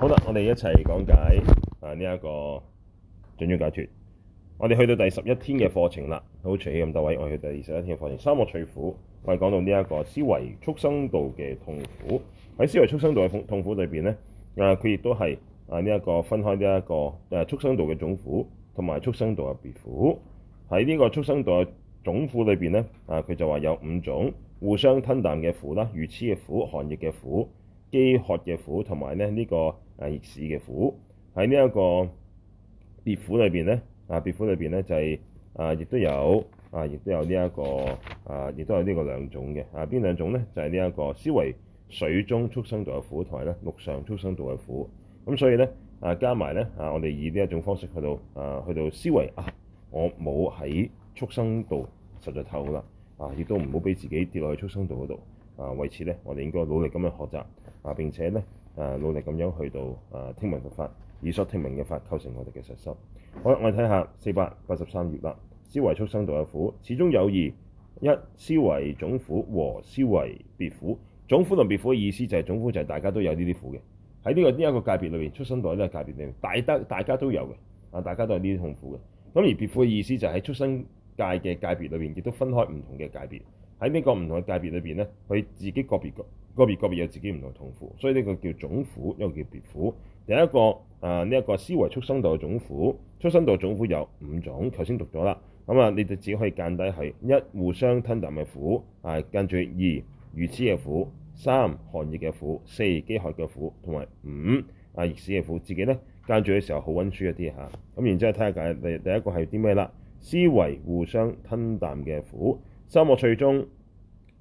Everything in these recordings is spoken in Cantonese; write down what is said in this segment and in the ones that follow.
好啦，我哋一齊講解啊呢一、這個掌中解脫。我哋去到第十一天嘅課程啦，好除咗咁多位，我哋去到第二十一天嘅課程，三惡趣苦，我哋講到呢一個思維畜生道嘅痛苦。喺思維畜生道嘅痛苦裏邊咧，啊佢亦都係啊呢一、這個分開呢、這、一個誒、啊、畜生道嘅總苦，同埋畜生道嘅別苦。喺呢個畜生道嘅總苦裏邊咧，啊佢就話有五種互相吞啖嘅苦啦，愚癡嘅苦、寒熱嘅苦、飢渴嘅苦，同埋咧呢、這個。啊！熱市嘅苦。喺呢一個別苦裏邊咧，啊別苦裏邊咧就係啊，亦都有、這個、啊，亦都有呢一個啊，亦都有呢個兩種嘅啊。邊兩種咧？就係呢一個思維水中畜生道嘅苦，同埋咧陸上畜生道嘅苦。咁所以咧啊，加埋咧啊，我哋以呢一種方式去到啊，去到思維啊，我冇喺畜生道實在透啦啊，亦都唔好俾自己跌落去畜生道嗰度啊。為此咧，我哋應該努力咁樣學習啊，並且咧。誒努力咁樣去到誒聽聞佛法，以所聽聞嘅法構成我哋嘅實修。好我哋睇下四百八十三頁啦。思惟畜生道嘅苦，始終有二：一思惟總苦和思惟別苦。總苦同別苦嘅意思就係、是、總苦就係大家都有呢啲苦嘅，喺呢、這個呢一、這個界別裏面，畜生道呢個界別裏面，大得大家都有嘅，啊，大家都係呢啲痛苦嘅。咁而別苦嘅意思就係喺畜生界嘅界別裏面，亦都分開唔同嘅界別。喺呢個唔同嘅界別裏邊咧，佢自己個別個個別個別有自己唔同痛苦，所以呢個叫總苦，一個叫別苦。第一個啊，呢、這、一個思維畜生道嘅總苦，畜生道總苦有五種，頭先讀咗啦。咁啊，你哋只可以間底係一互相吞啖嘅苦，啊跟住二愚痴嘅苦，三寒熱嘅苦，四饑渴嘅苦，同埋五啊役使嘅苦。自己咧間住嘅時候好温書一啲嚇。咁、啊、然之後睇下第第一個係啲咩啦？思維互相吞啖嘅苦。三惡趣中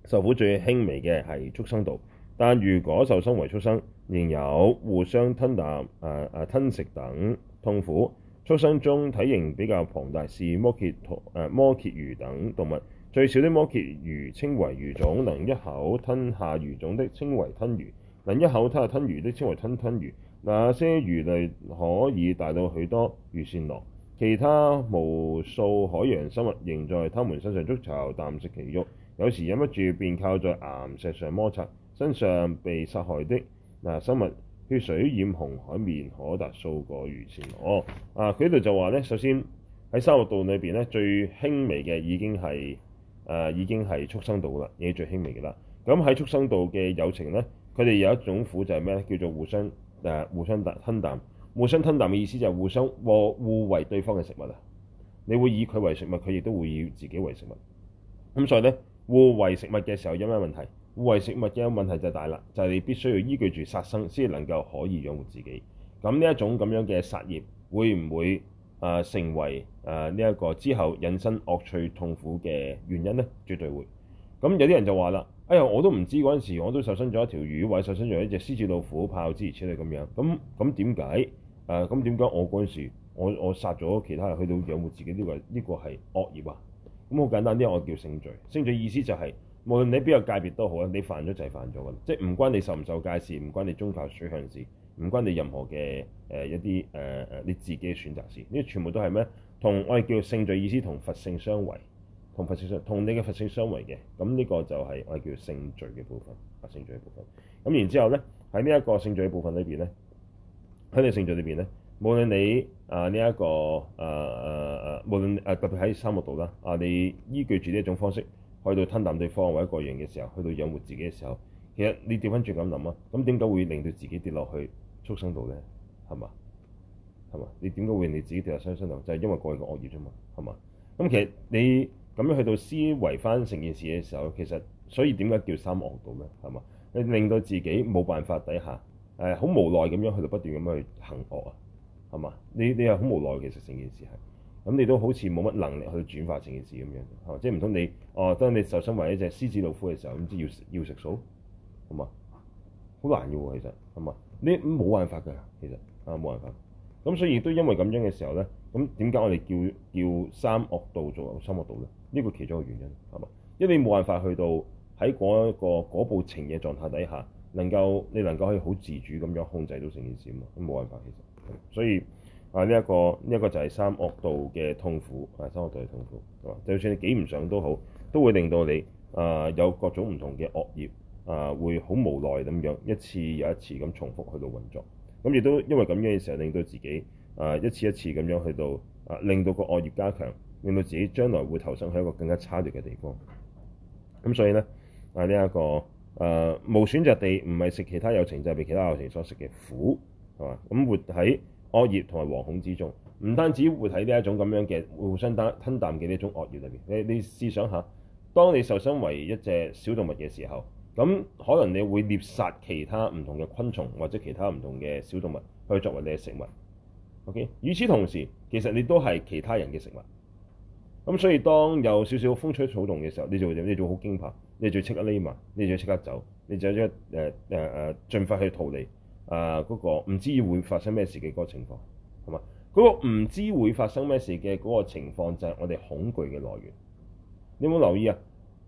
受苦最輕微嘅係畜生道。但如果受生為畜生，仍有互相吞啖、啊、呃、啊吞食等痛苦。畜生中體型比較龐大是摩羯兔、誒、呃、摩羯魚等動物。最小的摩羯魚稱為魚種，能一口吞下魚種的稱為吞魚，能一口吞下吞魚的稱為吞吞魚。那些魚類可以大到許多腧繕那。其他無數海洋生物仍在牠們身上築巢，啖食其肉。有時忍不住便靠在岩石上摩擦，身上被殺害的嗱生物，血水染紅海面，可達數個腧繕那。哦，啊，佢呢度就話咧，首先喺生物道裏邊咧，最輕微嘅已經係誒、呃、已經係畜生道啦，已經最輕微嘅啦。咁喺畜生道嘅友情咧，佢哋有一種苦就係咩咧？叫做互相誒、呃、互相吞啖。互相吞噉嘅意思就係互相和互，互為對方嘅食物啊！你會以佢為食物，佢亦都會以自己為食物。咁所以呢，互為食物嘅時候有咩問題？互為食物嘅問題就大啦，就係、是、你必須要依據住殺生先能夠可以養活自己。咁呢一種咁樣嘅殺業會唔會啊、呃、成為啊呢一個之後引生惡趣痛苦嘅原因呢？絕對會。咁有啲人就話啦：哎呀，我都唔知嗰陣時我都受傷咗一條魚，或者受傷咗一隻獅子、老虎、豹子，如此類咁樣。咁咁點解？誒咁點解我嗰陣時，我我殺咗其他人去到養活自己呢，呢個呢，呢個係惡業啊！咁好簡單啲，我叫性罪。性罪意思就係、係，無論你邊個界別都好啊，你犯咗就係犯咗噶啦，即係唔關你受唔受戒事，唔關你宗教取向事，唔關你任何嘅誒、呃、一啲誒誒你自己嘅選擇事，呢啲全部都係咩？同我哋叫性罪意思同佛性相違，同佛，佛性相同你嘅佛性相違嘅，咁呢個就係我哋叫性罪嘅部分，啊、性罪嘅部分。咁然之後咧，喺呢一個性罪嘅部分裏邊咧。喺你性在裏邊咧，無論你啊呢一個啊啊啊，無論啊、呃、特別喺三惡道啦，啊你依據住呢一種方式去到吞啖對方或者個人嘅時候，去到養活自己嘅時候，其實你調翻轉咁諗啊，咁點解會令到自己跌落去畜生道咧？係嘛係嘛？你點解會令你自己跌落畜生道？就係、是、因為過去嘅惡業啫嘛，係嘛？咁其實你咁樣去到思維翻成件事嘅時候，其實所以點解叫三惡道咩？係嘛？你令到自己冇辦法底下。誒好無奈咁樣去到不斷咁樣去行惡啊，係嘛？你你係好無奈，其實成件事係，咁你都好似冇乜能力去轉化成件事咁樣，係嘛？即係唔通你哦？當你受身為一隻獅子老虎嘅時候，點知要要食，要食素？係嘛？好難嘅喎，啊，其實係嘛？你冇辦法嘅，其實啊冇辦法。咁所以都因為咁樣嘅時候咧，咁點解我哋叫叫三惡道做三惡道咧？呢個其中一個原因係嘛？因為你冇辦法去到喺嗰一個嗰部情嘅狀態底下。能夠你能夠可以好自主咁樣控制到成件事嘛？都冇辦法其實。所以啊呢一個呢一個就係三惡道嘅痛苦啊，三惡道嘅痛苦就算你幾唔想都好，都會令到你啊有各種唔同嘅惡業啊，會好無奈咁樣一次又一次咁重複去到運作，咁、啊、亦都因為咁樣嘅時候，令到自己啊一次一次咁樣去到啊，令到個惡業加強，令到自己將來會投生喺一個更加差劣嘅地方。咁、啊、所以咧啊呢一個。誒無選擇地，唔係食其他有情，就係、是、被其他有情所食嘅苦，係嘛？咁活喺惡業同埋惶恐之中，唔單止活喺呢一種咁樣嘅互相噉吞噉嘅呢種惡業裏邊。你你試想下，當你受生為一隻小動物嘅時候，咁可能你會獵殺其他唔同嘅昆蟲或者其他唔同嘅小動物去作為你嘅食物。OK，與此同時，其實你都係其他人嘅食物。咁所以當有少少風吹草動嘅時候，你就會，你就好驚怕。你就要即刻匿埋，你就要即刻走，你就要誒誒誒，盡快去逃離啊！嗰個唔知會發生咩事嘅嗰個情況係嘛？嗰個唔知會發生咩事嘅嗰個情況就係我哋恐懼嘅來源。你有冇留意啊？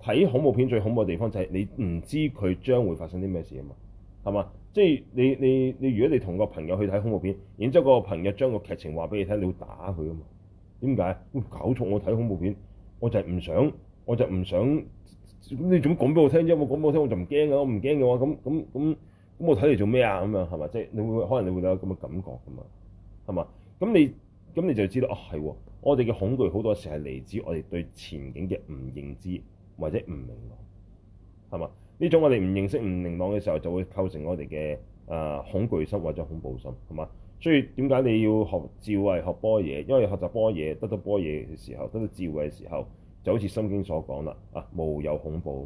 睇恐怖片最恐怖嘅地方就係你唔知佢將會發生啲咩事啊嘛？係嘛？即係你你你，如果你同個朋友去睇恐怖片，然之後個朋友將個劇情話俾你睇，你要打佢啊嘛？點解、哎、搞錯我睇恐怖片？我就係唔想，我就唔想。咁你做乜講俾我聽啫？冇講俾我聽，我就唔驚噶。我唔驚嘅話，咁咁咁咁，我睇你做咩啊？咁樣係嘛？即係你會可能你會有咁嘅感覺噶嘛？係嘛？咁你咁你就知道啊，係喎。我哋嘅恐懼好多時係嚟自我哋對前景嘅唔認知或者唔明朗，係嘛？呢種我哋唔認識、唔明朗嘅時候，就會構成我哋嘅誒恐懼心或者恐怖心，係嘛？所以點解你要學智慧、學般若？因為學習般若，得到般若嘅時候，得到智慧嘅時候。就好似《心經》所講啦，啊，無有恐怖啊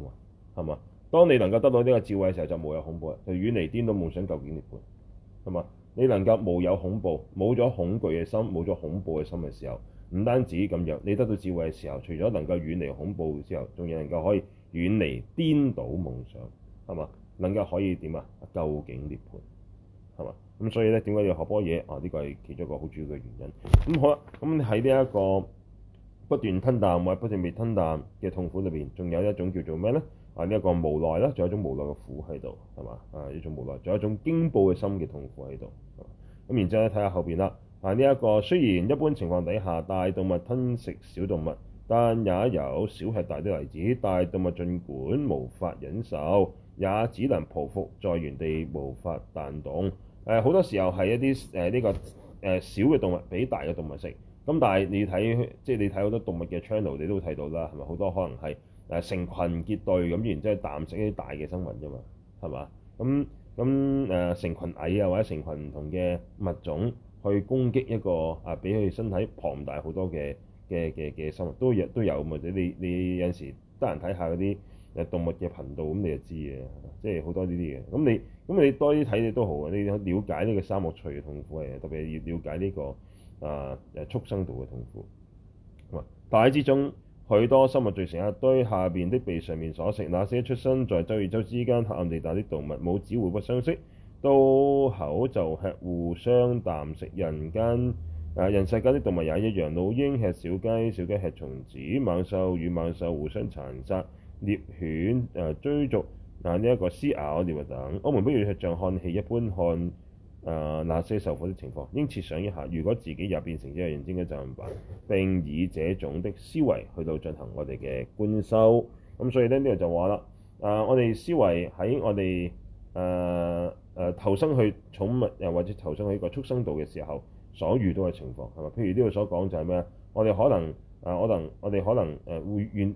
嘛，係嘛？當你能夠得到呢個智慧嘅時候，就無有恐怖就遠離顛倒夢想，究竟涅槃，係嘛？你能夠無有恐怖，冇咗恐懼嘅心，冇咗恐怖嘅心嘅時候，唔單止咁樣，你得到智慧嘅時候，除咗能夠遠離恐怖之後，仲有能夠可以遠離顛倒夢想，係嘛？能夠可以點啊？究竟涅槃，係嘛？咁所以咧，點解要學波嘢啊？呢個係其中一個好主要嘅原因。咁好啦，咁喺呢一個。不斷吞啖或者不斷被吞啖嘅痛苦裏邊，仲有一種叫做咩呢？啊呢一個無奈啦，仲有一種無奈嘅苦喺度，係嘛？啊呢種無奈，仲有一種驚怖嘅心嘅痛苦喺度。咁然之後睇下後邊啦。啊呢一個雖然一般情況底下大動物吞食小動物，但也有小吃大的例子。大動物儘管無法忍受，也只能匍匐在原地，無法彈動。誒、啊、好多時候係一啲誒呢個誒、啊、小嘅動物俾大嘅動物食。咁但係你睇，即係你睇好多動物嘅 channel，你都睇到啦，係咪好多可能係誒、呃、成群結隊咁，然之後啖食啲大嘅生物啫嘛，係嘛？咁咁誒成群蟻啊，或者成群唔同嘅物種去攻擊一個啊、呃，比佢身體龐大好多嘅嘅嘅嘅生物都有，都有，或者你你有陣時得閒睇下嗰啲誒動物嘅頻道，咁你就知嘅，即係好多呢啲嘅。咁、嗯、你咁、嗯、你多啲睇你都好啊，你了解呢個三惡趣痛苦嚟嘅，特別要了解呢、這個。啊！誒畜生道嘅痛苦，哇！大海之中，許多生物聚成一堆，下邊的被上面所食。那些出生在洲與洲之間黑暗地帶的動物，母子互不相識，到口就吃，互相啖食。人間啊，人世間的動物也一樣，老鷹吃小雞，小雞吃蟲子，猛獸與猛獸互相殘殺，獵犬啊追逐，嗱呢一個撕咬獵物等。我們不如像看戲一般看。誒、呃、那些受苦的情況，應設想一下，如果自己又變成一個認真嘅贖人品，並以這種的思維去到進行我哋嘅觀修，咁、嗯、所以呢，呢、這個就話啦，誒、呃、我哋思維喺我哋誒誒投生去寵物，又或者投生去一個畜生道嘅時候，所遇到嘅情況係咪？譬如呢度所講就係咩啊？我哋可能誒、呃，我能我哋可能誒會怨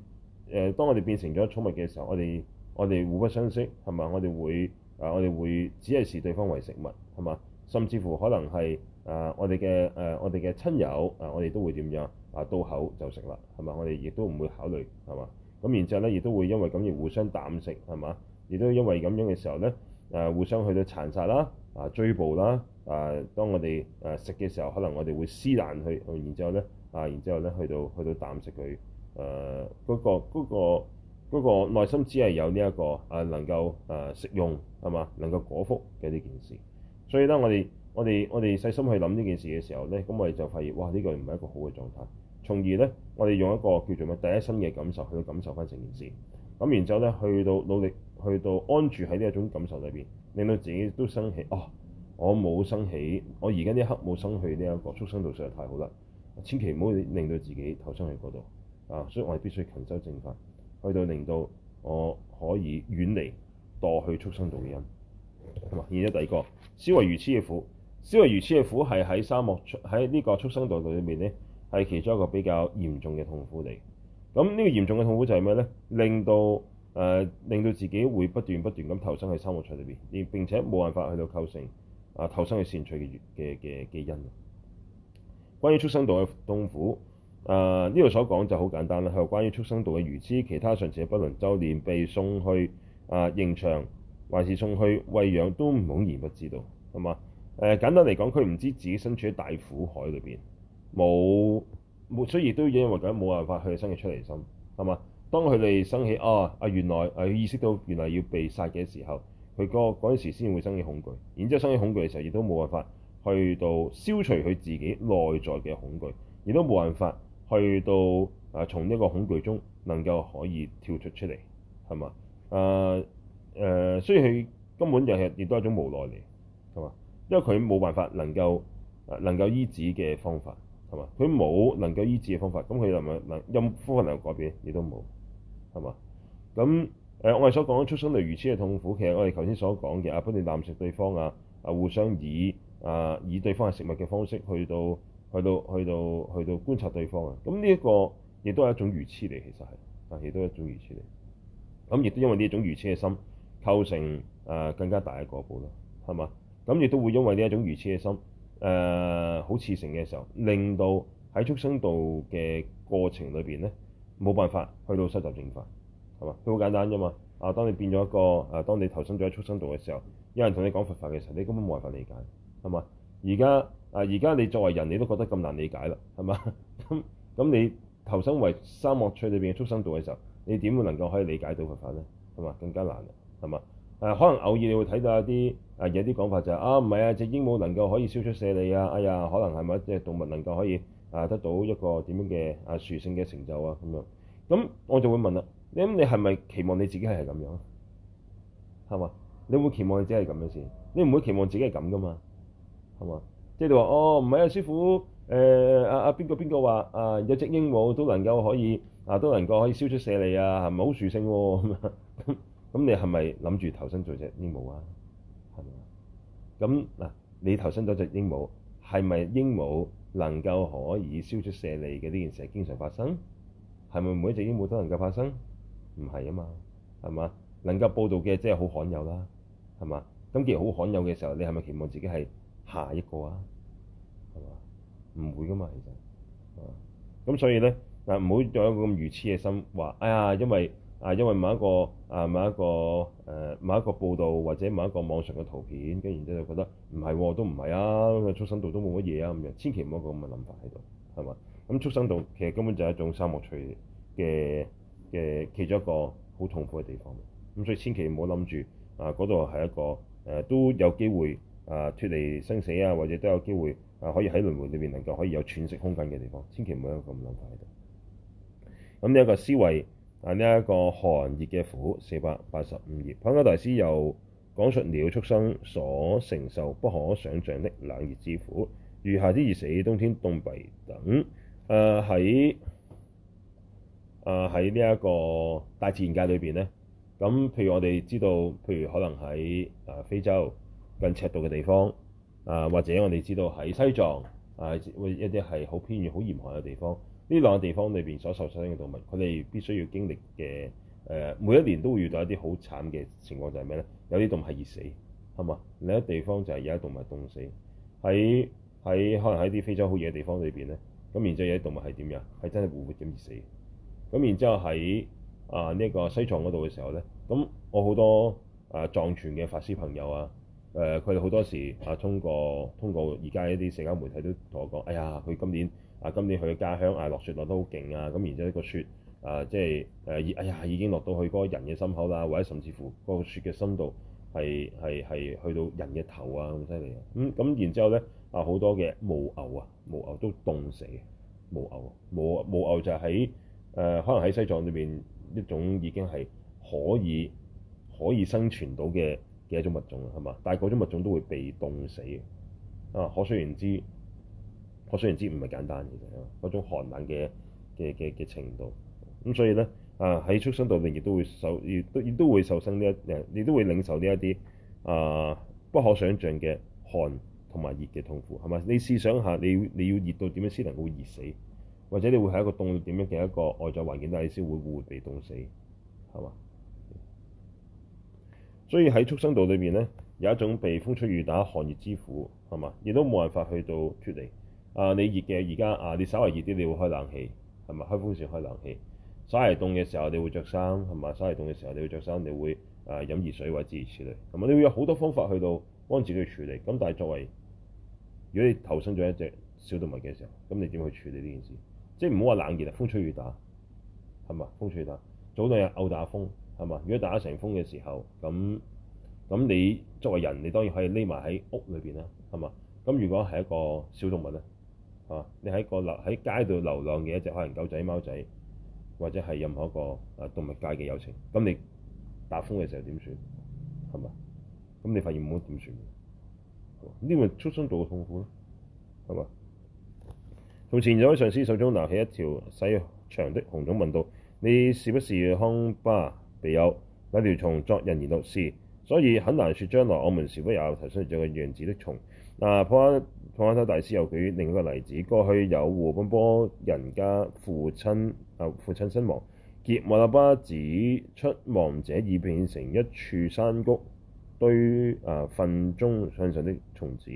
誒，當我哋變成咗寵物嘅時候，我哋我哋互不相識係咪？我哋會。啊！我哋會只係視對方為食物，係嘛？甚至乎可能係、呃呃、啊！我哋嘅誒，我哋嘅親友啊，我哋都會點樣啊？到口就食啦，係嘛？我哋亦都唔會考慮係嘛？咁然之後咧，亦都會因為咁而互相啖食，係嘛？亦都因為咁樣嘅時候咧，誒、啊、互相去到殘殺啦，啊追捕啦，啊當我哋誒、啊、食嘅時候，可能我哋會撕爛佢，然之後咧啊，然之後咧、啊啊、去到去到啖食佢誒嗰個嗰個。那個那個嗰個內心只係有呢、這、一個啊，能夠啊，食用係嘛？能夠果腹嘅呢件事。所以咧，我哋我哋我哋細心去諗呢件事嘅時候咧，咁我哋就發現哇，呢個唔係一個好嘅狀態。從而咧，我哋用一個叫做咩第一身嘅感受去到感受翻成件事。咁然之後咧，去到努力去到安住喺呢一種感受裏邊，令到自己都生起。哦，我冇生起，我而家呢一刻冇生起呢一個畜生道實在太好啦。千祈唔好令到自己投生去嗰度啊。所以我哋必須勤修正法。去到令到我可以遠離墮去畜生道嘅因。咁啊，然之後第二個，思惟愚痴嘅苦，思惟愚痴嘅苦係喺沙漠喺呢個畜生道裏面，咧，係其中一個比較嚴重嘅痛苦嚟。咁呢個嚴重嘅痛苦就係咩咧？令到誒、呃、令到自己會不斷不斷咁投生喺生沙漠裏邊，而並且冇辦法去到構成啊投生去善趣嘅嘅嘅基因。關於畜生道嘅痛苦。啊！呢度、呃、所講就好簡單啦。佢話關於畜生道嘅愚癡，其他尚且嘅不論，周年被送去啊刑、呃、場，還是送去餵養，都唔茫然不知道係嘛？誒簡單嚟講，佢唔知自己身處喺大苦海裏邊，冇冇，所以都因為噉冇辦法去生起出離心係嘛？當佢哋生起啊啊原來啊意識到原來要被殺嘅時候，佢個嗰陣時先會生起恐懼，然之後生起恐懼嘅時候，亦都冇辦法去到消除佢自己內在嘅恐懼，亦都冇辦法。去到啊，從呢個恐懼中能夠可以跳出出嚟，係嘛？誒、呃、誒，雖然佢根本就係亦都係一種無奈嚟，係嘛？因為佢冇辦法能夠、呃、能夠醫治嘅方法，係嘛？佢冇能夠醫治嘅方法，咁佢又咪能任呼朋改變，亦都冇，係嘛？咁、呃、誒，我哋所講畜生類如此嘅痛苦，其實我哋頭先所講嘅、啊、不斷啖食對方啊，啊互相以啊以對方嘅食物嘅方式去到。去到去到去到觀察對方啊！咁呢一個亦都係一種愚癡嚟，其實係，但、啊、亦都係一種愚癡嚟。咁、啊、亦都因為呢一種愚癡嘅心，構成誒、呃、更加大嘅過本咯，係嘛？咁、啊、亦都會因為呢一種愚癡嘅心誒，好、呃、似成嘅時候，令到喺畜生道嘅過程裏邊咧，冇辦法去到修習、正法，係嘛？佢好簡單啫嘛！啊，當你變咗一個誒、啊，當你投身咗喺畜生道嘅時候，有人同你講佛法嘅時候，你根本冇辦法理解，係嘛？而家。啊！而家你作為人，你都覺得咁難理解啦，係嘛？咁咁，你投生為三惡趣裏邊嘅畜生道嘅時候，你點會能夠可以理解到佛法咧？係嘛？更加難啦，係嘛？誒、啊，可能偶爾你會睇到一啲誒、啊、有啲講法就係、是、啊，唔係啊，隻鸚鵡能夠可以消出舍利啊，哎呀，可能係咪即係動物能夠可以啊得到一個點樣嘅啊殊勝嘅成就啊咁樣？咁我就會問啦、啊，你你係咪期望你自己係係咁樣啊？係嘛？你會期望你自己係咁樣先？你唔會期望自己係咁噶嘛？係嘛？即係你話哦，唔係啊，師傅，誒、呃、啊啊，邊、啊、個邊個話啊，有隻鸚鵡都能夠可以啊，都能夠可以燒出舍利啊，係咪好殊勝喎？咁咁，你係咪諗住投身做隻鸚鵡啊？係咪啊？咁、嗯、嗱、嗯，你投身咗隻鸚鵡，係咪鸚鵡能夠可以燒出舍利嘅呢件事係經常發生？係咪每隻鸚鵡都能夠發生？唔係啊嘛，係嘛？能夠報道嘅即係好罕有啦，係嘛？咁既然好罕有嘅時候，你係咪期望自己係？下一個啊，係嘛？唔會噶嘛，其實，啊，咁所以咧，嗱，唔好有一個咁愚癡嘅心，話，哎呀，因為啊，因為某一個啊，某一個誒、呃，某一個報導或者某一個網上嘅圖片，跟住然之後就覺得唔係喎，都唔係啊，咁畜生度都冇乜嘢啊，咁樣，千祈唔好一個咁嘅諗法喺度，係嘛？咁畜生度其實根本就係一種三惡趣嘅嘅其中一個好痛苦嘅地方，咁所以千祈唔好諗住啊，嗰度係一個誒、呃、都有機會。啊！脫離生死啊，或者都有機會啊，可以喺輪迴裏邊能夠可以有喘息空間嘅地方，千祈唔好有咁諗法喺度。咁呢一個思維啊，呢、這、一個寒熱嘅苦，四百八十五頁，帕繃喀大師又講述了畜生所承受不可想像的冷熱之苦，如夏天熱死、冬天凍痹等。誒喺誒喺呢一個大自然界裏邊咧，咁譬如我哋知道，譬如可能喺誒、呃、非洲。近赤道嘅地方啊、呃，或者我哋知道喺西藏啊，會、呃、一啲係好偏遠、好嚴寒嘅地方。呢兩個地方裏邊所受生嘅動物，佢哋必須要經歷嘅誒，每一年都會遇到一啲好慘嘅情況，就係咩咧？有啲動物係熱死，係嘛？另一地方就係有啲動物係凍死，喺喺可能喺啲非洲好熱嘅地方裏邊咧。咁然之後有啲動物係點樣？係真係活活咁熱死的。咁然之後喺啊呢一個西藏嗰度嘅時候咧，咁我好多啊、呃、藏傳嘅法師朋友啊。誒佢哋好多時啊，通過通過而家一啲社交媒體都同我講，哎呀，佢今年啊，今年佢嘅家鄉啊落雪落得好勁啊，咁、啊、然之後呢個雪啊，即係誒、啊，哎呀已經落到去嗰人嘅心口啦，或者甚至乎個雪嘅深度係係係去到人嘅頭啊咁犀利啊，咁、嗯、咁然之後咧啊好多嘅犛牛啊犛牛都凍死嘅犛牛，犛犛牛就喺誒、呃、可能喺西藏裏邊一種已經係可以可以生存到嘅。幾多種物種啊，係嘛？但係嗰種物種都會被凍死啊！可想而知，可想而知唔係簡單嘅，嗰、啊、種寒冷嘅嘅嘅嘅程度。咁、啊、所以咧，啊喺畜生道裏亦都會受，亦都亦都會受生呢一，你、啊、都會領受呢一啲啊不可想像嘅寒同埋熱嘅痛苦，係嘛？你試想下你，你你要熱到點樣先能夠會熱死，或者你會喺一個凍到點樣嘅一個外在環境底下，你先會活活被凍死，係嘛？所以喺畜生道裏面咧，有一種被風吹雨打、寒熱之苦，係嘛？亦都冇辦法去到脫離。啊、呃，你熱嘅而家啊，你稍微熱啲，你會開冷氣，係咪？開風扇、開冷氣。稍為凍嘅時候，你會着衫，係咪？稍為凍嘅時候，你會着衫，你會啊、呃、飲熱水或者諸如此類。係咪？你會有好多方法去到幫自己去處理。咁但係作為，如果你投身咗一隻小動物嘅時候，咁你點去處理呢件事？即係唔好話冷熱啊，風吹雨打，係嘛？風吹雨打，早兩日又打風。係嘛？如果打成風嘅時候，咁咁你作為人，你當然可以匿埋喺屋裏邊啦。係嘛？咁如果係一個小動物咧，係嘛？你係個留喺街度流浪嘅一隻可能狗仔、貓仔，或者係任何一個誒動物界嘅有情，咁你打風嘅時候點算？係嘛？咁你發現冇得點算，呢個畜生道嘅痛苦咯。係嘛？從前左嘅上師手中拿起一條細長的紅蟲，問道：你是不是康巴？未有那條蟲作人而六事，所以很難說將來我們是否也有投生做個樣子的蟲。嗱、啊，帕繃喀帕繃喀大師又舉另一個例子，過去有戶笨波人家父親啊父親身亡，杰莫那巴指出亡者已變成一處山谷堆啊糞中生長的蟲子，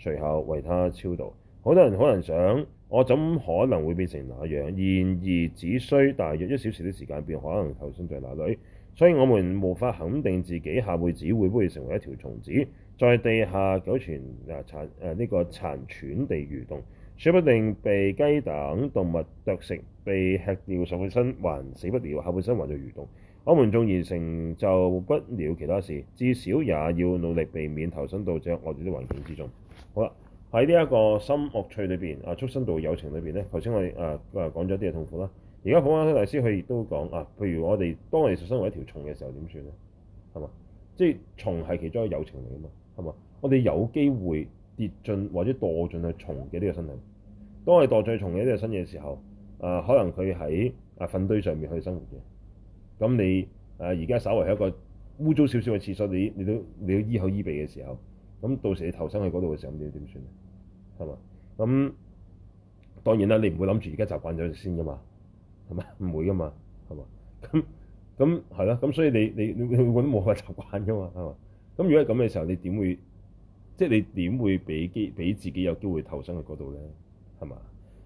隨後為他超度。好多人可能想，我怎可能會變成那樣？然而只需大約一小時的時間，便可能投身在那裡。所以我們無法肯定自己下輩子會不會成為一條蟲子，在地下苟存、啊、殘呢、啊這個殘喘地蠕動。說不定被雞等動物啄食，被吃掉上半身還死不了，下半身還在蠕動。我們縱然成就不了其他事，至少也要努力避免投身到這樣惡劣的環境之中。好啦。喺呢一個三惡趣裏邊啊，畜生道有情裏邊咧，頭先我誒誒、啊、講咗啲嘢痛苦啦。而家帕繃喀大師佢亦都講啊，譬如我哋當我哋受生為一條蟲嘅時候點算咧？係嘛？即係蟲係其中一個有情嚟啊嘛，係嘛？我哋有機會跌進或者墮進去蟲嘅呢個身體。當我哋墮進去蟲嘅呢個身嘅時候，啊，可能佢喺啊糞堆上面去生活嘅。咁你誒而家稍為係一個污糟少少嘅廁所，你你都你都掩口掩鼻嘅時候，咁到時你投生去嗰度嘅時候，咁你點算咧？係、嗯、嘛？咁當然啦，你唔會諗住而家習慣咗先噶嘛？係咪？唔會噶嘛？係、嗯、嘛？咁咁係咯，咁所以你你你你冇話習慣噶嘛？係嘛？咁如果係咁嘅時候，你點會即係你點會俾機俾自己有機會投身去嗰度咧？係嘛？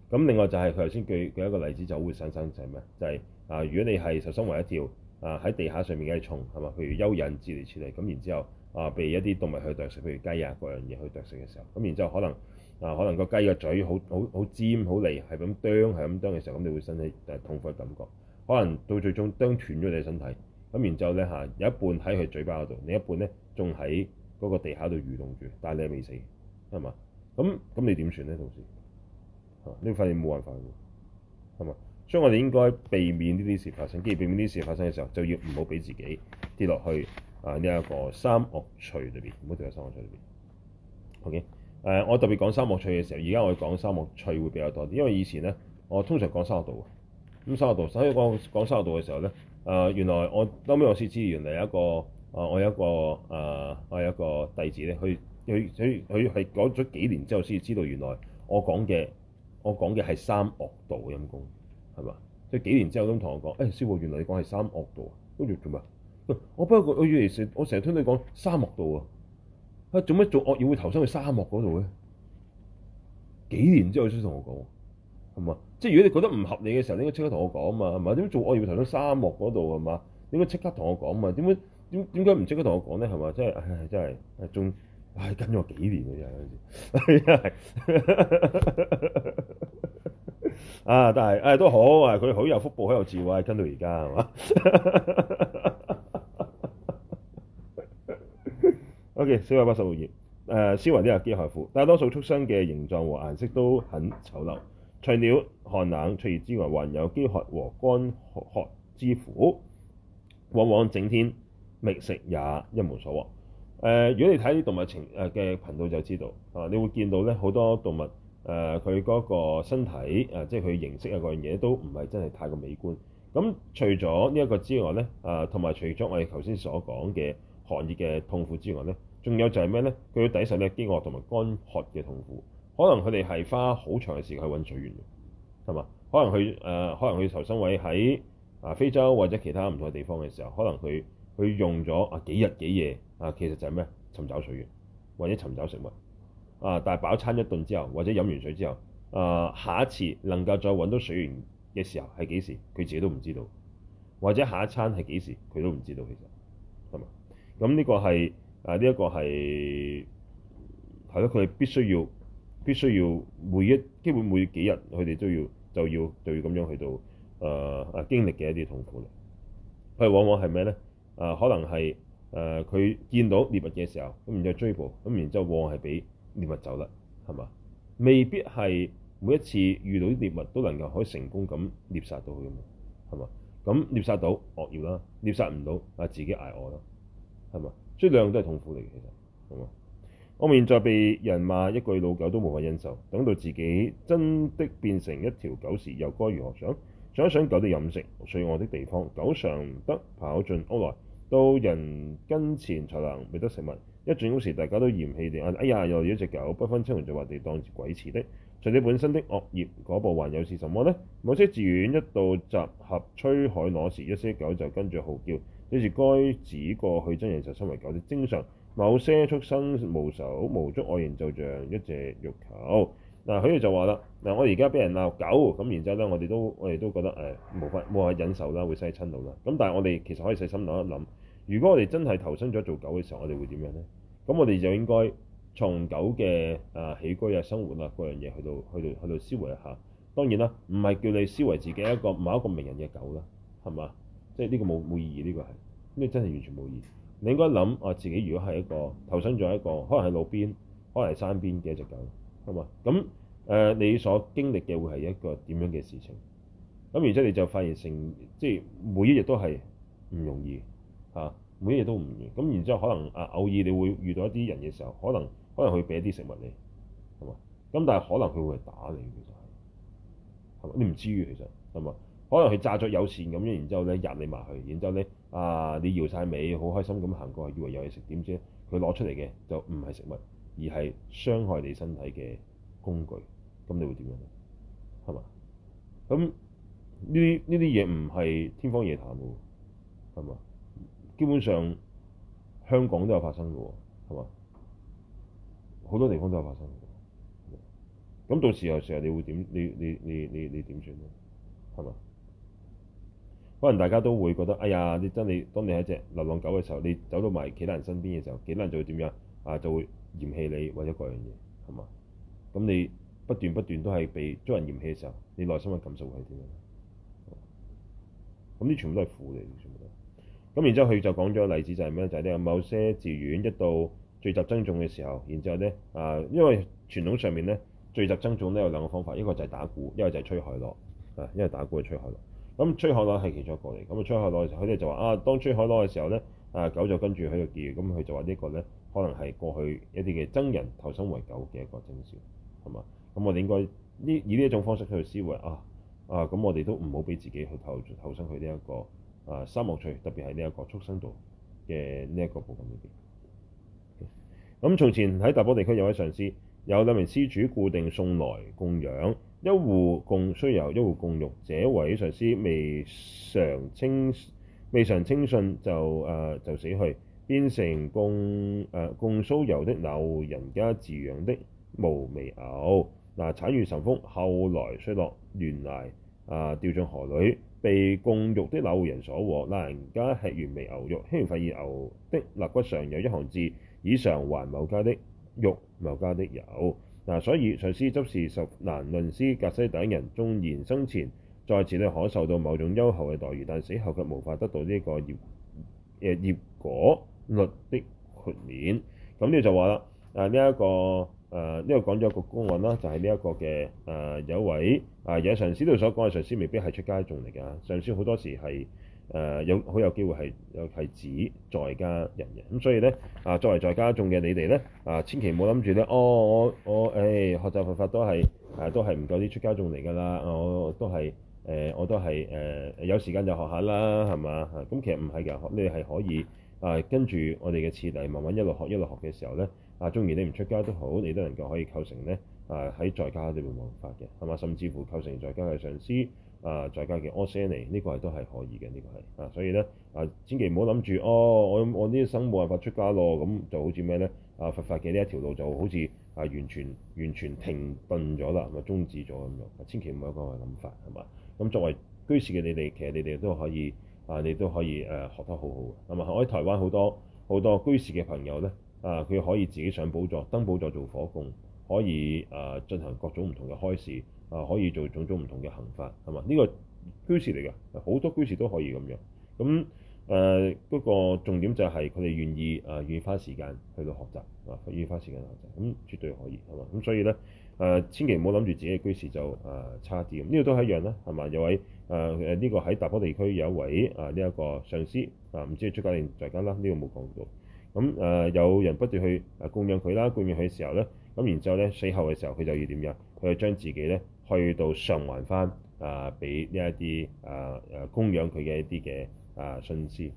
咁另外就係佢頭先舉舉一個例子就好會生身，就係咩？就係、是、啊、呃！如果你係受生為一條啊喺、呃、地下上面嘅蟲係嘛，譬如蚯蚓、蜘蛛、刺蝟咁，然之後啊，譬如一啲動物去啄食，譬如雞啊各樣嘢去啄食嘅時候，咁然之後可能。啊，可能個雞嘅嘴好好好尖好利，係咁啄係咁啄嘅時候，咁你會生起誒痛苦嘅感覺。可能到最終啄斷咗你嘅身體，咁然之後咧嚇有一半喺佢嘴巴度，另一半咧仲喺嗰個地下度蠕動住，但係你係未死，係嘛？咁咁你點算咧？到時啊，呢個反冇辦法嘅，係嘛？所以我哋應該避免呢啲事發生。既然避免呢啲事發生嘅時候，就要唔好俾自己跌落去啊呢一個三惡趣裏邊，唔好掉喺三惡趣裏邊。OK。誒、呃，我特別講三惡趣嘅時候，而家我講三惡趣會比較多啲，因為以前咧，我通常講三惡道嘅。咁三惡道，所以講講三惡道嘅時候咧，誒、呃，原來我後屘我先知，原來有一個，啊、呃，我有一個，啊、呃，我有一個弟子咧，佢佢佢佢係講咗幾年之後先知道原來我講嘅我講嘅係三惡道嘅陰功，係嘛？即係幾年之後都同我講，誒、欸，師傅原來你講係三惡道，啊，跟住做咩？我不過我以為我成日聽到你講三惡道。」啊！做咩做惡業會投身去沙漠嗰度咧？幾年之後先同我講，係嘛？即係如果你覺得唔合理嘅時候，你應該即刻同我講嘛？係嘛？點解做惡業投生沙漠嗰度係嘛？點解即刻同我講嘛？點解點點解唔即刻同我講咧？係嘛？即係唉，真係仲唉跟咗我幾年嘅人，真係 啊！但係唉都好，係佢好有福報好有智慧，跟到而家啊。 四百八十六頁，誒、okay，消化啲係飢渴苦，大多數畜生嘅形狀和顏色都很醜陋。除了寒冷、缺熱之外，還有飢渴和乾渴之苦，往往整天覓食也一無所獲。誒、呃，如果你睇啲動物情誒嘅頻道就知道，啊，你會見到咧好多動物誒，佢、呃、嗰個身體誒、啊，即係佢形式啊，嗰樣嘢都唔係真係太過美觀。咁除咗呢一個之外咧，啊，同埋除咗我哋頭先所講嘅寒熱嘅痛苦之外咧。仲有就係咩咧？佢抵受咧，飢餓同埋乾渴嘅痛苦，可能佢哋係花好長嘅時間去揾水源，係嘛？可能佢誒、呃，可能佢受生為喺啊非洲或者其他唔同嘅地方嘅時候，可能佢佢用咗啊幾日幾夜啊，其實就係咩尋找水源，或者尋找食物啊。但係飽餐一頓之後，或者飲完水之後啊、呃，下一次能夠再揾到水源嘅時候係幾時，佢自己都唔知道，或者下一餐係幾時，佢都唔知道。其實係嘛？咁呢個係。誒呢一個係係咯，佢哋必須要必須要每一基本每幾日，佢哋都要就要就要咁樣去到誒誒、呃啊、經歷嘅一啲痛苦咧。佢往往係咩咧？誒、啊、可能係誒佢見到獵物嘅時候咁，然之後追捕咁，然之後往往係俾獵物走啦，係嘛？未必係每一次遇到啲獵物都能夠可以成功咁獵殺到佢，係嘛？咁獵殺到惡業啦，獵殺唔到啊，自己挨餓咯，係嘛？即兩樣都係痛苦嚟嘅，其、嗯、實、啊，我現在被人罵一句老狗都無法忍受，等到自己真的變成一條狗時，又該如何想？想一想狗的飲食、睡卧的地方，狗常得跑進屋內，到人跟前才能覓得食物。一進屋時，大家都嫌棄地，哎呀，又有一隻狗，不分青紅皂白地當住鬼似的。除你本身的惡業果報還有是什麼呢？某些寺院一到集合吹海螺時，一些狗就跟住嚎叫。有時該指過去真人受生為狗的徵相，某些畜生無手無足，外形就像一隻肉球。嗱、呃，佢哋就話啦：，嗱、呃，我而家俾人鬧狗，咁然之後咧，我哋都我哋都覺得誒、呃，無法無法忍受啦，會死親到啦。咁但係我哋其實可以細心諗一諗，如果我哋真係投身咗做狗嘅時候，我哋會點樣咧？咁我哋就應該從狗嘅啊、呃、起居啊生活啊各樣嘢去到去到去到思維一下。當然啦，唔係叫你思維自己一個，一個某一個名人嘅狗啦，係嘛？即係呢個冇冇意義，呢、呢個係，咁你真係完全冇意義。你應該諗啊，自己如果係一個投身咗一個，可能喺路邊，可能係山邊嘅一隻狗，係嘛？咁誒、呃，你所經歷嘅會係一個點樣嘅事情？咁然之後你就發現成，即係每一日都係唔容易嚇，每一日都唔容易。咁、啊、然之後可能啊，偶爾你會遇到一啲人嘅時候，可能可能佢俾一啲食物你，係嘛？咁但係可能佢會打你，你其實係，係你唔知嘅其實係嘛？可能佢炸咗友善咁，然之後咧引你埋去，然之後咧啊，你搖晒尾，好開心咁行過去，以為有嘢食，點知佢攞出嚟嘅就唔係食物，而係傷害你身體嘅工具。咁你會點樣咧？係嘛？咁呢啲呢啲嘢唔係天方夜譚嘅，係嘛？基本上香港都有發生嘅，係嘛？好多地方都有發生嘅。咁到時候時候你會點？你你你你你點算咧？係嘛？可能大家都會覺得，哎呀，你真係，當你係一隻流浪狗嘅時候，你走到埋其他人身邊嘅時候，幾多人就會點樣啊？就會嫌棄你，或者各樣嘢，係嘛？咁你不斷不斷都係被遭人嫌棄嘅時候，你內心嘅感受會係點樣？咁呢全，全部都係苦嚟，咁然之後佢就講咗例子就係咩就係、是、呢某些寺院一到聚集僧眾嘅時候，然之後咧啊，因為傳統上面咧聚集僧眾咧有兩個方法，一個就係打鼓，一個就係吹海螺啊，一係打鼓，一係吹海螺。咁吹海螺係其中一個嚟，咁啊吹海螺嘅時候，佢哋就話啊，當吹海螺嘅時候咧，啊狗就跟住喺度叫，咁佢就話呢個咧，可能係過去一啲嘅僧人投生為狗嘅一個徵兆，係嘛？咁我哋應該呢以呢一種方式去思維啊啊，咁、啊、我哋都唔好俾自己去投透生佢呢一個啊三惡趣，特別係呢一個畜生道嘅呢一個部分裏邊。咁、 嗯、從前喺達波地區有位上師，有兩名施主固定送來供養。一戶供酥油，一戶供肉，這一位上師未償清未償清信就誒、呃、就死去，變成供誒供酥油的嗰戶人家飼養的母犛牛，嗱、呃、產乳甚豐，後來摔落懸崖啊掉進河裏，被供肉的嗰戶人所獲，那、呃、人家吃完犛牛肉，忽然發現牛的肋、呃、骨上有一行字：已償還某家的肉，某家的油。嗱，所以上師、執事、十難論師、格西等人，縱然生前在寺裡可受到某種優厚嘅待遇，但死後卻無法得到呢個業誒業果律的豁免。咁呢就話啦，啊呢一個誒呢個講咗一個公案啦，就係、是、呢、呃、一個嘅誒有位啊、呃、有上師都所講嘅，上師未必係出家眾嚟㗎，上師好多時係。誒有好有機會係有係指在家人嘅，咁所以咧啊，作為在家眾嘅你哋咧啊，千祈唔好諗住咧，哦，我我誒、欸、學習佛法，法都係誒、啊、都係唔夠啲出家眾嚟㗎啦，我都係誒、啊、我都係誒、啊、有時間就學下啦，係嘛？咁、啊、其實唔係㗎，你係可以啊跟住我哋嘅次第慢慢一路學一路學嘅時候咧，啊，中意你唔出家都好，你都能夠可以構成咧啊喺在、在家裏面聞法嘅，係嘛？甚至乎構成在家嘅上師。啊，再加嘅阿舍尼呢個係都係可以嘅，呢個係啊，所以咧啊，千祈唔好諗住哦，我我呢一生冇辦法出家咯，咁就好似咩咧啊，佛法嘅呢一條路就好似啊完全完全停頓咗啦，咁啊終止咗咁樣，千祈唔好有咁嘅諗法，係嘛？咁作為居士嘅你哋，其實你哋都可以啊，你都可以誒、啊、學得好好嘅，係嘛？我喺台灣好多好多居士嘅朋友咧，啊，佢可以自己上寶座登寶座做火供，可以啊進行各種唔同嘅開示。啊，可以做種種唔同嘅行法，係嘛？呢個居士嚟㗎，好多居士都可以咁樣。咁誒嗰個重點就係佢哋願意、呃、願意啊，願意花時間去到學習啊，願意花時間學習，咁絕對可以係嘛？咁所以咧誒、呃，千祈唔好諗住自己嘅居士就誒、呃、差啲。呢個都係一樣啦，係嘛？有位誒誒呢個喺達波地區有一位啊呢一個上師啊，唔知出家定在家啦？呢個冇講到。咁、嗯、誒、呃、有人不斷去誒供養佢啦，供養佢嘅時候咧，咁然之後咧，死後嘅時候佢就要點樣？佢就將自己咧。去到償還翻啊，俾呢一啲啊一啊供養佢嘅一啲嘅啊信施。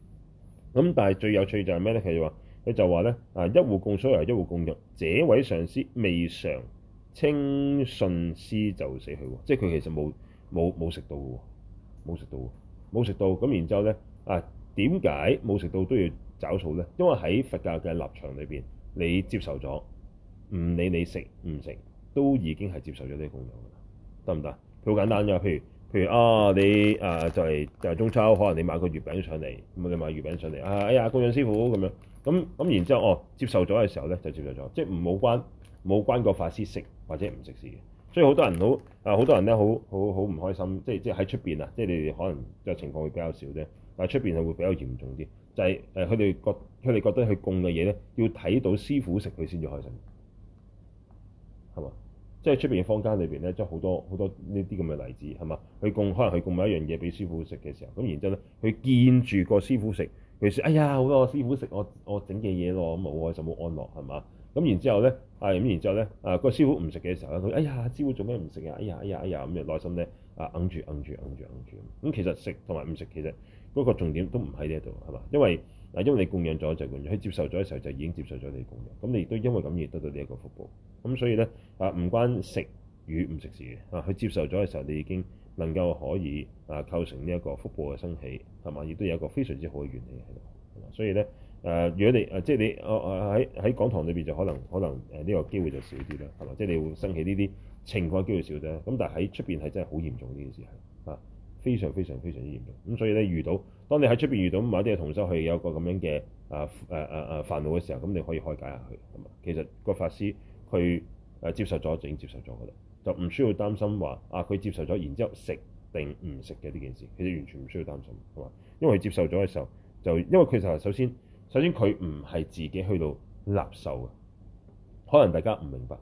咁但係最有趣呢就係咩咧？佢就話佢就話咧啊，一戶供所又一戶供養。這位上師未償清信施就死去喎，即係佢其實冇冇冇食到喎，冇食到冇食，食到。咁然之後咧啊，點解冇食到都要找數咧？因為喺佛教嘅立場裏邊，你接受咗，唔理你食唔食，都已經係接受咗呢啲供養嘅啦。得唔得？佢好簡單嘅，譬如譬如啊、哦，你誒就係就係中秋，可能你買個月餅上嚟，咁你買月餅上嚟，啊哎呀供養師傅咁樣，咁、嗯、咁、嗯、然之後哦接受咗嘅時候咧就接受咗，即係唔好關冇關個法師食或者唔食事嘅，所以好多人好啊好多人咧好好好唔開心，即係即係喺出邊啊，即係你哋可能嘅情況會比較少啫，但係出邊係會比較嚴重啲，就係誒佢哋覺佢哋覺得佢供嘅嘢咧要睇到師傅食佢先至開心，係嘛？即係出邊嘅坊間裏邊咧，即係好多好多呢啲咁嘅例子係嘛？佢供可能去供買一樣嘢俾師傅食嘅時候，咁然之後咧，佢見住個師傅食，佢説：哎呀，好多師傅食我我整嘅嘢咯，咁啊我就好安樂係嘛？咁然之後咧啊，咁然之後咧啊，個師傅唔食嘅時候咧，佢説：哎呀，師傅做咩唔食啊？哎呀，哎呀，哎呀咁嘅內心咧啊，揞住揞住揞住揞住咁。咁其實食同埋唔食其實嗰個重點都唔喺呢度係嘛？因為嗱，因為你供養咗就供養，佢接受咗嘅時候就已經接受咗你供養，咁你亦都因為咁而得到呢一個福報。咁所以咧，啊，唔關食與唔食事嘅，啊，佢接受咗嘅時候，你已經能夠可以啊構成呢一個福報嘅生起，係嘛？亦都有一個非常之好嘅原理喺度。所以咧，誒，如果你誒，即係你，我我喺喺講堂裏邊就可能可能誒呢個機會就少啲啦，係嘛？即係你會生起呢啲情況嘅機會少啲啦。咁但係喺出邊係真係好嚴重呢件事係啊，非常非常非常之嚴重。咁所以咧，遇到當你喺出邊遇到某啲嘅同修，去有個咁樣嘅啊誒誒誒煩惱嘅時候，咁你可以開解下佢係嘛？其實個法師佢誒、啊、接受咗，就已經接受咗嘅啦，就唔需要擔心話啊佢接受咗，然之後食定唔食嘅呢件事，其實完全唔需要擔心係嘛？因為佢接受咗嘅時候，就因為佢就係首先首先佢唔係自己去到納受嘅，可能大家唔明白誒、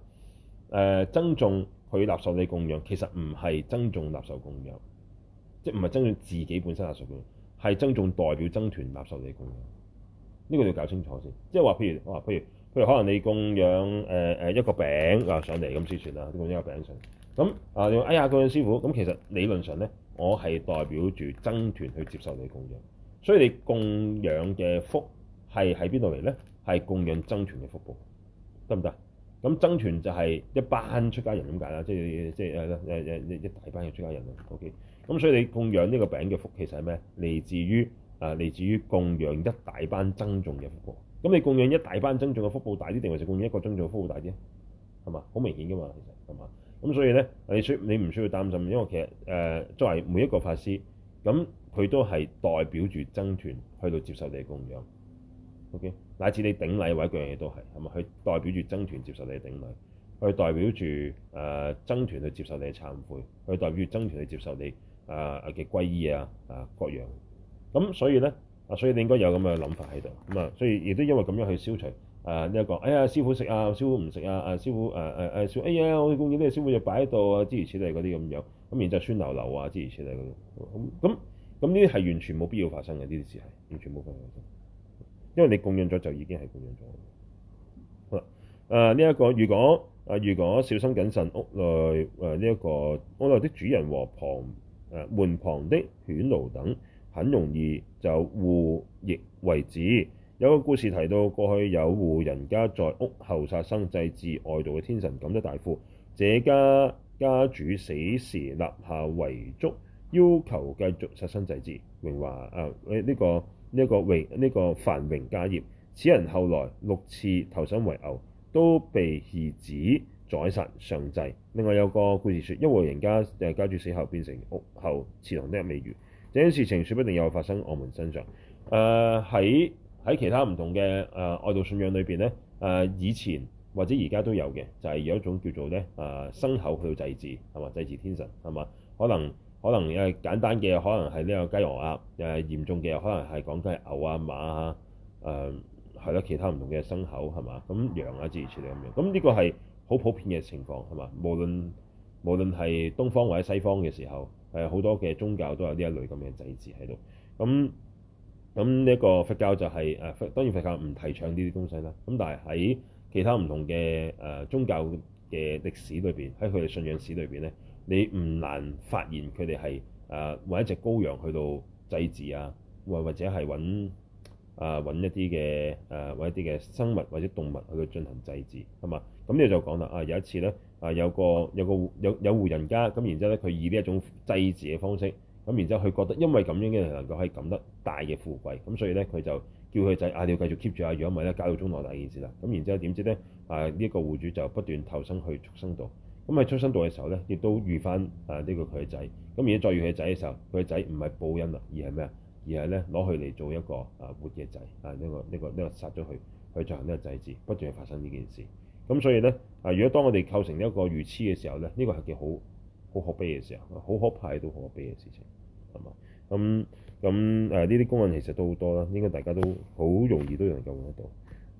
呃、增重佢納受你供養，其實唔係增重納受供養，即係唔係增重自己本身納受嘅。係僧眾代表僧團納受你供養，呢個要搞清楚先。即係話，譬如我譬如譬如可能你供養誒誒一個餅上嚟咁先算啦，供一個餅上。咁、嗯、啊，你話哎呀，供養師傅，咁其實理論上咧，我係代表住僧團去接受你供養，所以你供養嘅福係喺邊度嚟咧？係供養僧團嘅福報，得唔得？咁僧團就係一班出家人噉解啦，即係即係誒誒誒，一大班嘅出家人啊、就是。OK。咁所以你供養呢個餅嘅福其實係咩？嚟自於啊，嚟自於供養一大班僧眾嘅福報。咁你供養一大班僧眾嘅福報大啲，定係就供養一個僧眾嘅福報大啲？係嘛？好明顯㗎嘛，其實係嘛？咁所以咧，你需你唔需要擔心，因為其實誒、呃、作為每一個法師，咁佢都係代表住僧團去到接受你嘅供養。O.K. 乃至你頂禮或者一樣嘢都係，係嘛？佢代表住僧團接受你嘅頂禮，去代表住誒僧團去接受你嘅懺悔，去代表住僧、呃、團去接受你。啊嘅歸依啊啊各樣咁，所以咧啊，所以你應該有咁嘅諗法喺度咁啊，所以亦都因為咁樣去消除啊呢一個哎呀師傅食啊師傅唔食啊啊師傅誒誒誒哎呀我哋供應啲師傅就擺喺度啊諸如此類嗰啲咁樣咁，然後酸流流啊諸如此類嗰啲咁咁咁呢啲係完全冇必要發生嘅，呢啲事係完全冇必要發生，因為你供應咗就已經係供應咗好啦，誒呢一個如果誒如果小心謹慎屋內誒呢一個屋內啲主人和旁誒門旁的犬驢等很容易就互易位置。有個故事提到，過去有戶人家在屋後殺生祭祀外道嘅天神，感得大富。這家家主死時立下遺囑，要求繼續殺生祭祀。話」榮華誒呢呢個呢、這個榮呢、這個繁榮家業。此人後來六次投生為牛，都被兒子。宰殺上祭，另外有個故事說， 一戶人家誒家主死後變成屋後池塘嘅一尾魚。這件事情說不定又發生我們身上。誒喺喺其他唔同嘅誒、呃、外道信仰裏邊咧，誒、呃、以前或者而家都有嘅，就係、是、有一種叫做咧誒牲口去到祭祀係嘛，祭祀天神係嘛，可能可能誒、呃、簡單嘅可能係呢個雞鵝鴨，誒、啊、嚴重嘅可能係講緊係牛啊馬啊誒係啦，其他唔同嘅牲口係嘛，咁羊啊之類，咁樣。咁呢個係。好普遍嘅情況係嘛？無論無論係東方或者西方嘅時候，誒好多嘅宗教都有呢一類咁嘅祭祀喺度。咁咁呢一個佛教就係、是、誒、啊，當然佛教唔提倡呢啲東西啦。咁但係喺其他唔同嘅誒、啊、宗教嘅歷史裏邊，喺佢哋信仰史裏邊咧，你唔難發現佢哋係誒揾一隻羔羊去到祭祀啊，或或者係揾啊揾一啲嘅誒一啲嘅生物或者動物去到進行祭祀，係嘛？咁咧就講啦，啊有一次咧，啊有個有個有有戶人家咁，然之後咧，佢以呢一種祭祀嘅方式，咁然之後佢覺得因為咁樣嘅人能夠可以感得大嘅富貴，咁所以咧佢就叫佢仔啊，你要繼續 keep 住阿樣，咪咧搞到家道中落大件事啦。咁然之後點知咧啊呢、這個戶主就不斷投生去畜生道，咁喺畜生道嘅時候咧亦都遇翻啊呢個佢嘅仔，咁而再遇佢仔嘅時候，佢嘅仔唔係報恩啦，而係咩啊？而係咧攞佢嚟做一個啊活嘅仔，啊呢、這個呢、這個呢、這個這個殺咗佢去進行呢個祭祀，不斷去發生呢件事。咁所以咧，啊，如果當我哋構成一個愚癡嘅時候咧，呢個係件好好可悲嘅時候，好、這個、可，可怕到可悲嘅事情，係嘛？咁咁誒，呢、嗯、啲公案其實都好多啦，應該大家都好容易都能夠用得到。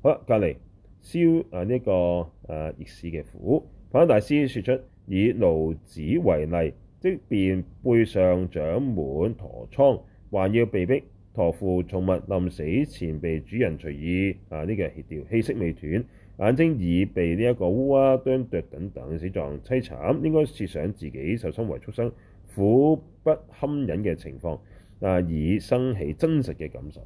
好啦，隔離燒啊呢、這個誒役使嘅苦，帕繃喀、啊、大師説出，以驢子為例，即便背上長滿陀瘡，還要被逼駝負重物，臨死前被主人隨意啊！呢、這個協調氣息未斷。眼睛已被呢一個烏鴉啄啄，等等死狀凄慘，應該設想自己受生為畜生，苦不堪忍嘅情況啊，以生起真實嘅感受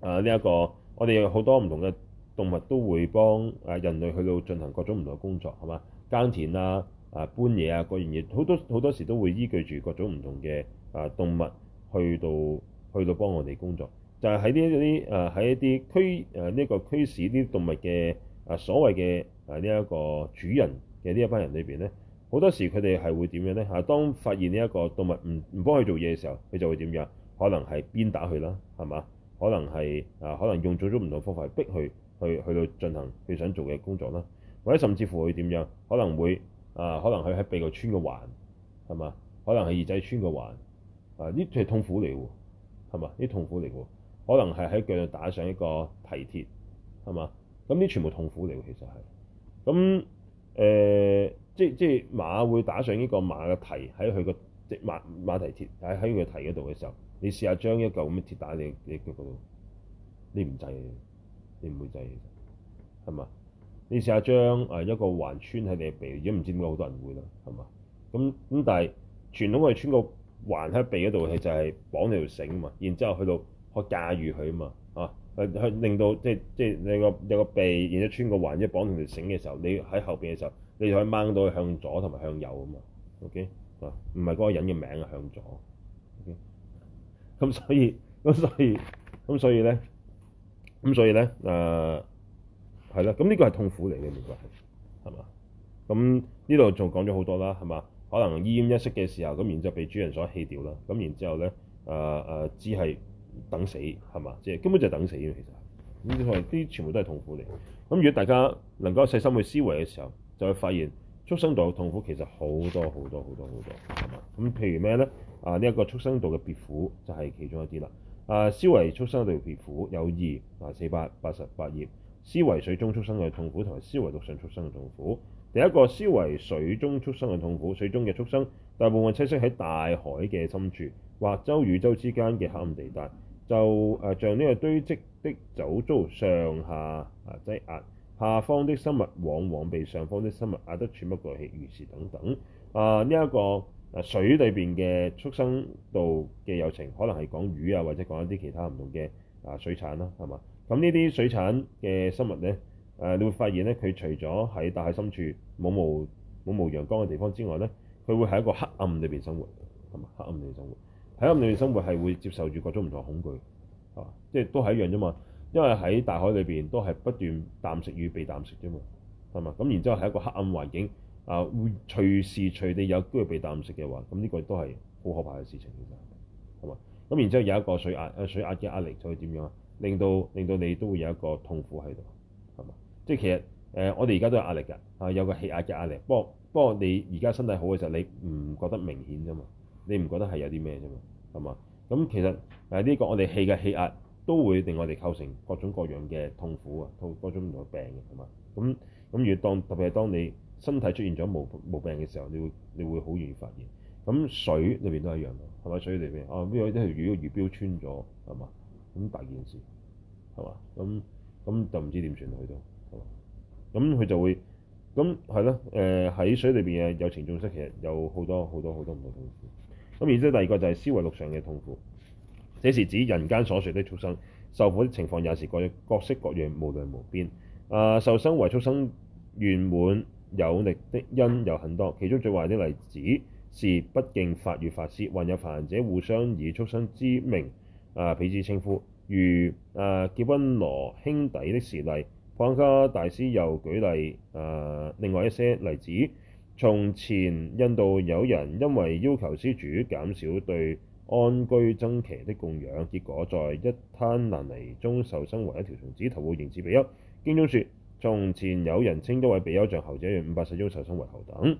啊！呢一個我哋有好多唔同嘅動物都會幫啊人類去到進行各種唔同嘅工作，係嘛？耕田啊、啊搬嘢啊、各樣嘢，好多好多時都會依據住各種唔同嘅啊動物去到去到幫我哋工作，就係喺呢一啲啊喺一啲驅啊呢個驅使啲動物嘅。啊，所謂嘅啊呢一個主人嘅呢一班人裏邊咧，好多時佢哋係會點樣咧？嚇，當發現呢一個動物唔唔幫佢做嘢嘅時候，佢就會點樣？可能係鞭打佢啦，係嘛？可能係啊，可能用咗咗唔同方法逼佢去去到進行佢想做嘅工作啦，或者甚至乎會點樣？可能會啊，可能佢喺鼻度穿個環，係嘛？可能係耳仔穿個環啊，呢啲係痛苦嚟㗎，係嘛？啲痛苦嚟㗎，可能係喺腳度打上一個蹄鐵，係嘛？咁啲全部痛苦嚟嘅，其實係，咁誒、呃，即係即係馬會打上呢個馬嘅蹄喺佢個即馬馬蹄鐵喺喺佢嘅蹄嗰度嘅時候，你試下將一嚿咁嘅鐵打你你腳度，你唔制，你唔會制。其實係嘛？你試下將誒一個環穿喺你嘅鼻，而家唔知點解好多人會啦，係嘛？咁咁但係傳統我哋穿個環喺鼻嗰度係就係綁你條繩啊嘛，然之後去到可駕馭佢啊嘛。佢佢令到即即你個你個鼻然之後穿個環，一綁同條繩嘅時候，你喺後邊嘅時候，你就可以掹到佢向左同埋向右啊嘛。OK 啊，唔係嗰個人嘅名係向左。OK，咁所以咁所以咁所以咧，咁所以咧誒係啦。咁、呃、呢個係痛苦嚟嘅，唔該，係嘛？咁呢度仲講咗好多啦，係嘛？可能奄奄一息嘅時候，咁然之後被主人所棄掉啦。咁然之後咧誒誒只係。等死係嘛？即係根本就等死嘅，其實咁啲全部都係痛苦嚟。咁如果大家能夠細心去思維嘅時候，就會發現畜生道嘅痛苦其實好多好多好多好多，係嘛？咁譬如咩咧？啊，呢一個畜生道嘅別苦就係其中一啲啦。啊，思維畜生道別苦有二，係四百八十八頁。思維水中畜生嘅痛苦同埋思維陸上畜生嘅痛苦。第一個思維水中畜生嘅痛苦，水中嘅畜生大部分棲息喺大海嘅深處。或洲與洲之間嘅黑暗地帶，就誒、呃、像呢個堆積的酒糟上下啊擠壓下方的生物，往往被上方的生物壓得喘不過氣。如是等等啊，呢、呃、一、這個啊水裏邊嘅畜生道嘅有情，可能係講魚啊，或者講一啲其他唔同嘅啊水產啦，係嘛？咁呢啲水產嘅生物咧，誒、呃、你會發現咧，佢除咗喺大海深處冇冇冇冇陽光嘅地方之外咧，佢會喺一個黑暗裏邊生活，係嘛？黑暗裏邊生活。喺暗裏面生活係會接受住各種唔同恐懼，啊，即係都係一樣啫嘛。因為喺大海裏邊都係不斷啖食與被啖食啫嘛，係嘛？咁然之後係一個黑暗環境，啊，會隨時隨地有機會被啖食嘅話，咁、這、呢個都係好可怕嘅事情嚟㗎，係嘛？咁然之後有一個水壓啊，水壓嘅壓力就會點樣啊？令到令到你都會有一個痛苦喺度，係嘛？即係其實誒、呃，我哋而家都有壓力㗎，啊，有個氣壓嘅壓力。不過不過你而家身體好嘅時候，你唔覺得明顯啫嘛。你唔覺得係有啲咩啫嘛？係嘛？咁其實誒，呢個我哋氣嘅氣壓都會令我哋構成各種各樣嘅痛苦啊，多各種唔同嘅病嘅係嘛？咁咁要當，特別係當你身體出現咗毛毛病嘅時候，你會你會好容易發現。咁水裏邊都係一樣咯，係咪水裏邊啊？呢有啲係魚魚標穿咗係嘛？咁大件事係嘛？咁咁就唔知點算啦，佢都係嘛？咁佢就會咁係咯，誒喺水裏邊嘅有情眾生，其實有好多好多好多唔同痛苦。咁然之後，第二個就係思維陸上嘅痛苦。這是指人間所説的畜生受苦情況，也是各各色各樣，無量無邊。啊、呃，受生為畜生圓滿，圓滿有力的因有很多，其中最壞的例子是不敬法與法師，還有梵行者互相以畜生之名啊、呃、彼此稱呼，如啊劫毘羅馨底的事例。帕繃喀大師又舉例啊、呃、另外一些例子。從前印度有人因為要求施主減少對安居僧伽的供養，結果在一灘爛泥中受生為一條蟲子，頭部形似比丘。經中說，從前有人稱一位比丘像猴者，一五百世中受生為猴等。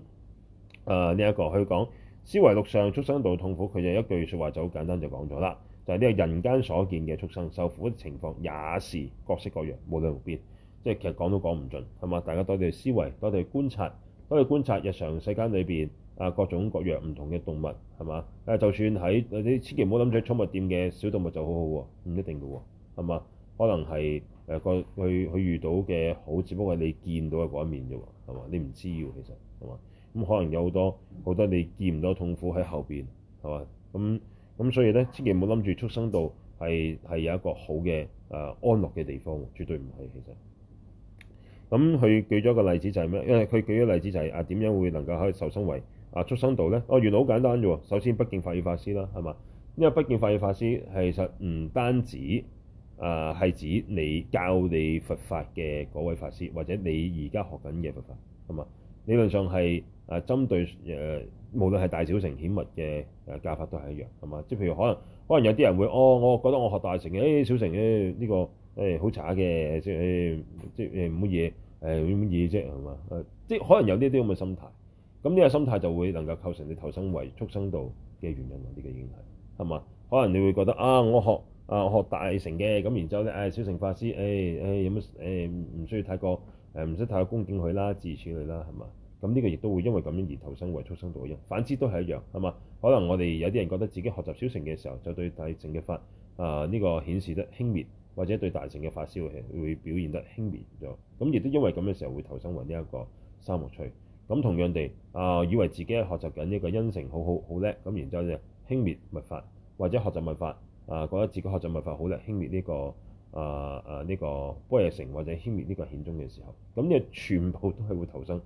啊、呃，呢、這、一個可以講，思維陸上畜生道痛苦，佢就一句説話就好簡單就講咗啦。就係、是、呢個人間所見嘅畜生受苦的情況也是各式各樣，無量無邊，即係其實講都講唔盡係嘛？大家多啲去思維，多啲去觀察。都去觀察日常世間裏邊啊，各種各樣唔同嘅動物係嘛？誒，就算喺你千祈唔好諗住寵物店嘅小動物就好好喎，唔一定嘅喎，係嘛？可能係誒個佢佢遇到嘅好，只不過係你見到嘅嗰一面啫喎，係嘛？你唔知嘅其實係嘛？咁可能有好多好多你見唔到痛苦喺後邊，係嘛？咁咁所以咧，千祈唔好諗住畜生道係係有一個好嘅誒、呃、安樂嘅地方，絕對唔係其實。咁佢舉咗一個例子就係咩？因為佢舉咗例子就係啊，點樣會能夠可以受生為啊畜生道咧？哦，原來好簡單啫。首先，不敬法與法師啦，係嘛？因為不敬法與法師其實唔單止啊，係、呃、指你教你佛法嘅嗰位法師，或者你而家學緊嘅佛法，係嘛？理論上係啊，針對誒、呃，無論係大小乘顯密嘅誒教法都係一樣，係嘛？即係譬如可能可能有啲人會哦，我覺得我學大乘嘅，誒、哎、小乘嘅呢個。誒好差嘅，即係誒，即係乜嘢？誒冇乜嘢啫，係嘛？誒，即係可能有呢啲咁嘅心態，咁呢個心態就會能夠構成你投生為畜生道嘅原因嗰啲嘅，呢個、已經係係嘛？可能你會覺得啊，我學啊我學大乘嘅，咁然之後咧，誒、哎、小乘法師，誒誒有乜誒唔需要太過誒唔使太過恭敬佢啦，自處佢啦，係嘛？咁呢個亦都會因為咁樣而投生為畜生道嘅。反之都係一樣，係嘛？可能我哋有啲人覺得自己學習小乘嘅時候，就對大乘嘅法啊呢、呢個顯示得輕蔑。嗯或者對大城嘅發燒係會表現得輕蔑咗，咁亦都因為咁嘅時候會投生為呢一個三惡趣。咁同樣地啊、呃，以為自己喺學習緊呢個恩城好好好叻，咁然之後咧輕蔑密法，或者學習密法啊、呃，覺得自己學習密法好叻，輕蔑呢、這個、呃、啊啊呢、這個般若乘，或者輕蔑呢個顯宗嘅時候，咁就全部都係會投生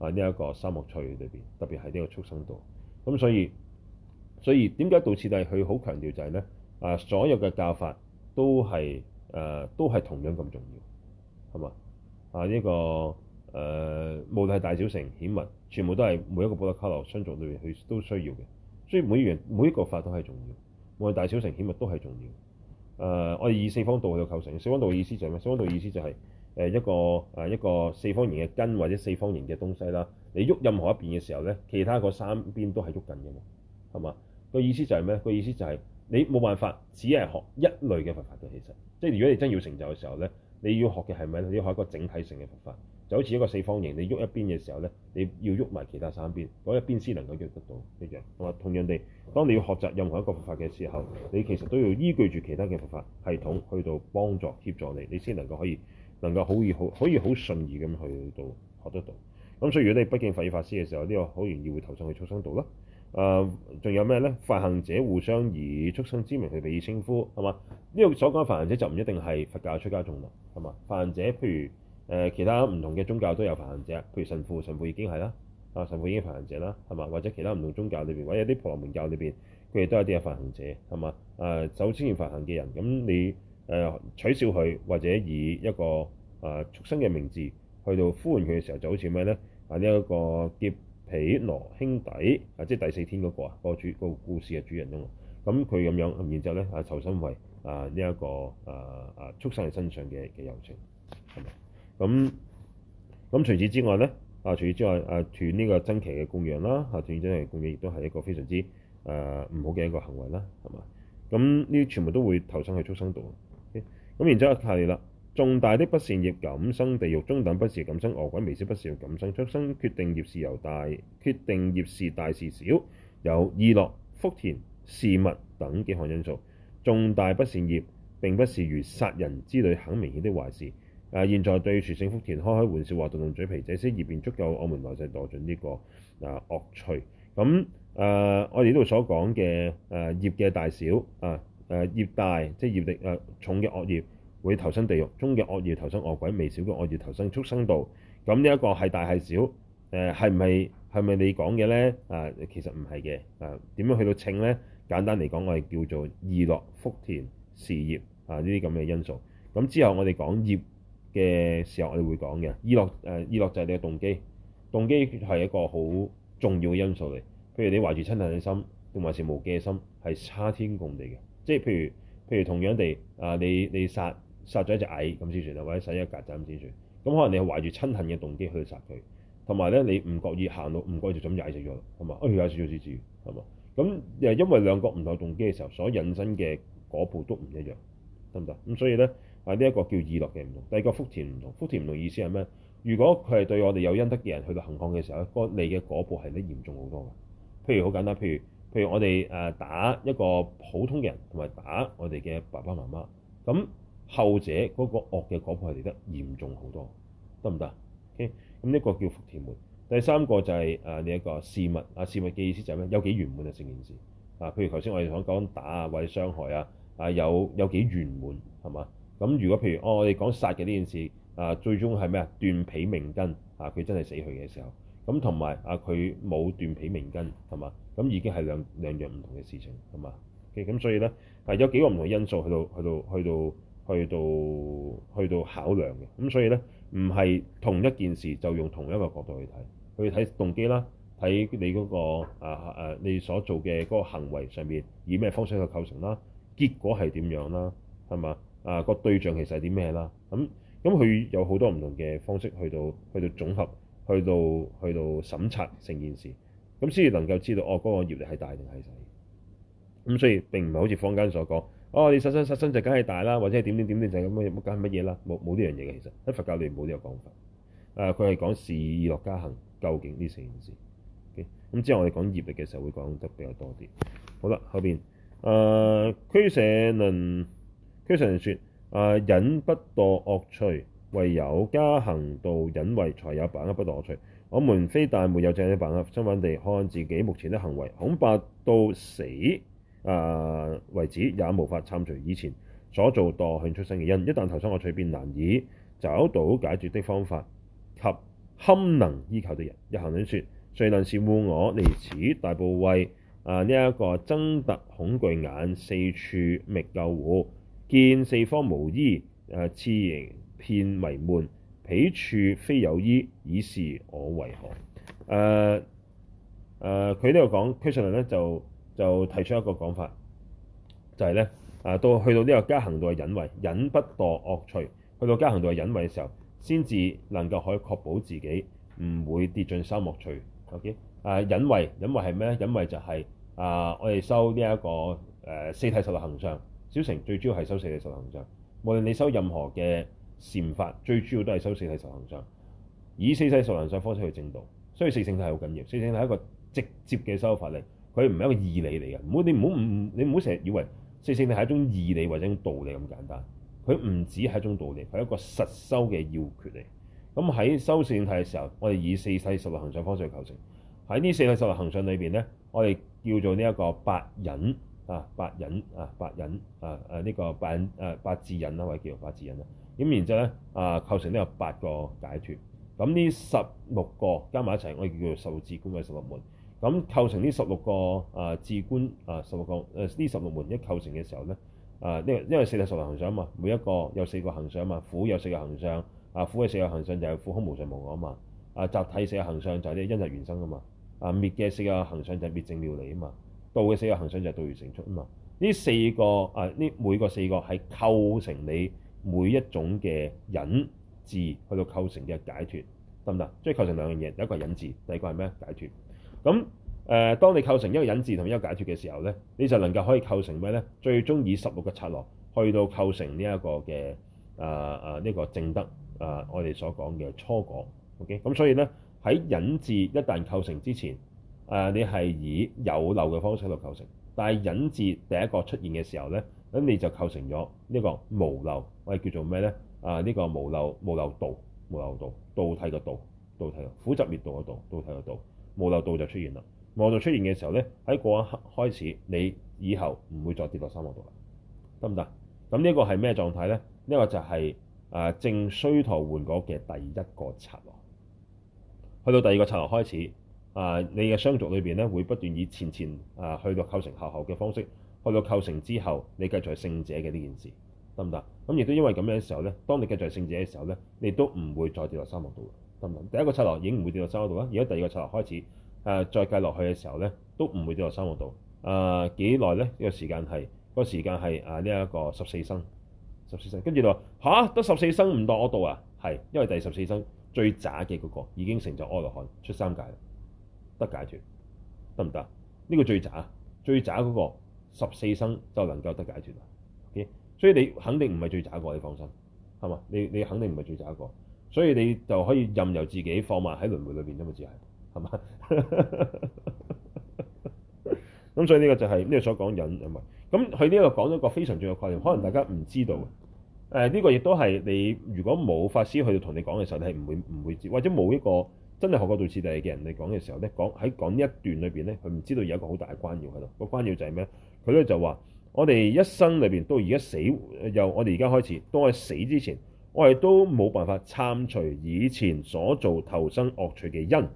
喺呢一個三惡趣裏邊，特別係呢個畜生道。咁所以所以點解道次第佢好強調就係咧啊，所有嘅教法都係。誒、呃、都係同樣咁重要，係嘛啊？呢、這個誒、呃，無論係大小城顯密，全部都係每一個補特伽羅相續裏面佢都需要嘅，所以每樣每一個法都係重要，無論大小城顯密都係重要。誒、呃，我哋以四方道去構成四方道嘅意思就係咩？四方道意思就係誒一個啊一個四方形嘅根或者四方形嘅東西啦。你喐任何一邊嘅時候咧，其他個三邊都係喐緊嘅，係嘛？個意思就係咩？個意思就係你冇辦法只係學一類嘅佛法嘅，其實。即係如果你真要成就嘅時候咧，你要學嘅係咪你要學一個整體性嘅佛法？就好似一個四方形，你喐一邊嘅時候咧，你要喐埋其他三邊，嗰一邊先能夠喐得到一樣。啊，同樣地，當你要學習任何一個佛法嘅時候，你其實都要依據住其他嘅佛法系統去到幫助協助你，你先能夠可以能夠好易好可以好，好順意咁去到學得到。咁所以如果你不敬佛與法，法師嘅時候，呢個好容易會投上去畜生道啦。誒，仲有咩咧？梵行者互相以畜生之名去俾以稱呼，係嘛？呢個所講梵行者就唔一定係佛教出家眾啦，係嘛？梵行者譬如誒、呃、其他唔同嘅宗教都有梵行者，譬如神父，神父已經係啦，啊神父已經梵行者啦，係嘛？或者其他唔同宗教裏邊或者啲婆羅門教裏邊，佢哋都有啲有梵行者，係嘛？誒、啊、首先梵行嘅人，咁你誒、呃、取笑佢或者以一個誒畜、呃、生嘅名字去到呼喚佢嘅時候，就好似咩咧？啊呢一、這個劫。毘羅兄弟啊，即係第四天嗰、那個、那個那個、啊，嗰、這個主嗰故事嘅主人啊嘛，咁佢咁樣，咁然之後咧啊，投身為啊呢一個啊啊畜生身上嘅嘅友情，係、啊、咪？咁、啊、咁、啊、除此之外咧，啊除此之外啊，斷呢個珍奇嘅供養啦，啊斷真奇嘅供養亦都係一個非常之啊唔好嘅一個行為啦，係嘛？咁呢啲全部都會投生去畜生道。咁、啊、然之後係啦。重大的不善業感生地獄，中等不善感生餓鬼，微小不善感生畜生。決定業是由大，決定業是大是小，有意樂、福田、事物等幾項因素。重大不善業並不是如殺人之類很明顯的壞事。啊，現在對殊勝福田開開玩笑，或動動嘴皮仔些，業便足夠我們來世墮進呢個啊惡趣。咁、嗯、啊、呃，我哋呢度所講嘅啊業嘅大小啊，誒、呃、業大即係業力啊、呃、重嘅惡業。會投身地獄，中嘅惡業投身惡鬼，微小嘅惡業投身畜生道。咁呢一個係大係小？誒係唔係係唔係你講嘅咧？啊，其實唔係嘅。啊，點樣去到稱咧？簡單嚟講，我哋叫做意樂、福田、事業啊呢啲咁嘅因素。咁之後我哋講業嘅時候，我哋會講嘅意樂誒意樂就係你嘅動機，動機係一個好重要嘅因素嚟。譬如你懷住親人嘅心，同埋是無忌嘅心，係差天共地嘅。即係譬如譬如同樣地啊，你你殺。殺咗一隻蟻咁先算啊，或者殺一隻曱甴咁先算。咁可能你係懷住親恨嘅動機去殺佢，同埋咧你唔覺意行路唔覺意就咁踩死咗，同埋啊又有少少少，事、哎，係嘛？咁誒，因為兩個唔同動機嘅時候所引申嘅果報都唔一樣，得唔得？咁所以咧係呢一個叫意樂嘅唔同。第二個福田唔同，福田唔同意思係咩？如果佢係對我哋有恩德嘅人，去到行兇嘅時候，個利嘅果報係咧嚴重好多嘅。譬如好簡單，譬如譬如我哋誒打一個普通嘅人，同埋打我哋嘅爸爸媽媽咁。後者嗰個惡嘅果報嚟得嚴重好多，得唔得？OK，咁呢個叫福田門。第三個就係啊，你一個事物啊，事物嘅意思就係咩？有幾圓滿啊？成件事啊，譬如頭先我哋想講打啊，或者傷害啊，啊有有幾圓滿係嘛？咁如果譬如、哦、我哋講殺嘅呢件事啊，最終係咩啊？斷皮命根啊，佢真係死去嘅時候咁，同埋啊，佢冇、啊、斷皮命根係嘛？咁已經係兩兩樣唔同嘅事情係嘛，咁所以咧啊，有幾個唔同嘅因素去到去到去到。去到去到去到去到考量嘅，咁所以咧，唔係同一件事就用同一個角度去睇，去睇動機啦，睇你嗰個啊誒、啊、你所做嘅嗰個行為上面以咩方式去構成啦，結果係點樣啦，係嘛，啊個對象其實係點咩啦，咁咁佢有好多唔同嘅方式去到去到總合，去到去到審查成件事，咁先至能夠知道哦嗰個業力係大定係細，咁所以並唔係好似坊間所講。哦，你殺生殺生就梗係大啦，或者係點點點點就咁乜梗係乜嘢啦？冇冇呢樣嘢嘅，其實喺佛教裏冇呢個講法。誒、呃，佢係講事、意樂加行究竟呢四件事。咁、okay? 嗯、之後我哋講業力嘅時候會講得比較多啲。好啦，後邊誒俱舍論俱舍論說：忍、呃、不墮惡趣，唯有加行道忍位才有把握不墮惡趣。我們非但沒有正視把握身反，充分地看自己目前的行為，恐怕到死。啊、呃！為止也無法懺除以前所做墮向出生嘅因，一旦投生惡趣便難以找到解決的方法及堪能依靠的人。一行人說：誰能善護我，離此大怖畏，啊、呃！呢、這、一個增突恐懼眼，四處覓救護，見四方無依。啊、呃！自形遍迷悶，彼處非有依，以示我為何？誒、呃、誒，佢、呃呃、呢度講，俱舍論呢就。就提出一個講法，就係、是、咧啊，到去到呢個加行道嘅忍位，忍不墮惡趣。去到加行道嘅忍位嘅時候，先至能夠可以確保自己唔會跌進三惡趣。OK 啊，忍位忍位係咩咧？忍位就係、是、啊，我哋修呢、這、一個誒、呃、四諦十六行相。小乘最主要係修四諦十六行相，無論你修任何嘅禪法，最主要都係修四諦十六行相，以四諦十六行相方式去正道，所以四聖諦係好緊要。四聖諦係一個直接嘅修法力。佢唔係一個義理嚟嘅，唔好你唔好唔你唔好成日以為四聖諦係一種義理或者一種道理咁簡單。佢唔止係一種道理，係一個實修嘅要訣嚟。咁喺修四聖諦嘅時候，我哋以四諦十六行相方式去構成。喺呢四諦十六行相裏邊咧，我哋叫做呢一個八忍啊，八忍啊，八忍啊啊呢、這個八忍啊八智忍啦，或者叫做八智忍啦。咁然之後咧啊構成呢有八個解脫。咁呢十六個加埋一齊，我哋叫做數字觀世十六薩門。咁構成呢十六個啊智觀啊，十六個誒呢十六門一構成嘅時候咧啊，因為因為四諦十六行相啊嘛，每一個有四個行相啊嘛，苦有四個行相啊，苦嘅四個行相就係苦空無常無我啊嘛啊，集諦四個行相就係啲因日原生嘛啊嘛啊，滅嘅四個行相就係滅靜妙離啊嘛，道嘅四個行相就係道如成出啊嘛，呢四個啊呢每個四個係構成你每一種嘅忍智去到構成嘅解脫得唔得？即係構成兩樣嘢，第一個忍智，第二個係咩？解脫。咁誒，當你構成一個引字同一個解脫嘅時候咧，你就能夠可以構成咩咧？最終以十六個策落去到構成呢一個嘅、呃、啊啊呢、這個正德啊，我哋所講嘅初果。OK，咁、啊、所以咧喺引字一旦構成之前，誒、啊、你係以有漏嘅方式去到構成，但係引字第一個出現嘅時候咧，咁你就構成咗呢個無漏，我、啊、哋叫做咩咧？啊呢、這個無漏無漏道無漏道道體嘅道道體，苦集滅道嘅道道體嘅道。度無漏道就出現啦，無漏道出現嘅時候咧，喺嗰一刻開始，你以後唔會再跌落三惡道啦，得唔得？咁呢一個係咩狀態咧？呢、這個就係、是、誒、呃、正衰途換角嘅第一個擦落，去到第二個擦落開始，啊、呃，你嘅相續裏邊咧會不斷以前前啊、呃、去到構成後後嘅方式，去到構成之後，你繼續係聖者嘅呢件事，得唔得？咁亦都因為咁樣嘅時候咧，當你繼續係聖者嘅時候咧，你都唔會再跌落三惡道啦。第一個七落已經唔會跌落三個度啦，而家第二個七落開始，誒、呃、再計落去嘅時候咧，都唔會跌落三個度。誒幾耐咧？呢、這個時間係，那個時間係啊呢一、這個十四生，十四生跟住你話嚇得十四生唔落我度啊！係因為第十四生最渣嘅嗰個已經成就阿羅漢出三界，得解脫得唔得？呢、這個最渣最渣嗰、那個十四生就能夠得解脫啊！O.K. 所以你肯定唔係最渣個，你放心係嘛？你你肯定唔係最渣一個。所以你就可以任由自己放慢喺輪迴裏邊啦，嘛？只係，係嘛？咁所以呢個就係你所講引引問。咁佢呢個講咗一個非常重要概念，可能大家唔知道。誒、呃，呢、呢個亦都係你如果冇法師去同你講嘅時候，你係唔會唔會知，或者冇一個真係學過道次第嘅人嚟講嘅時候咧，講喺講呢一段裏邊咧，佢唔知道有一個好大嘅關要喺度。個關要就係咩？佢咧就話：我哋一生裏邊到而家死，由我哋而家開始到我死之前。我哋都冇辦法參除以前所做投生惡趣嘅因，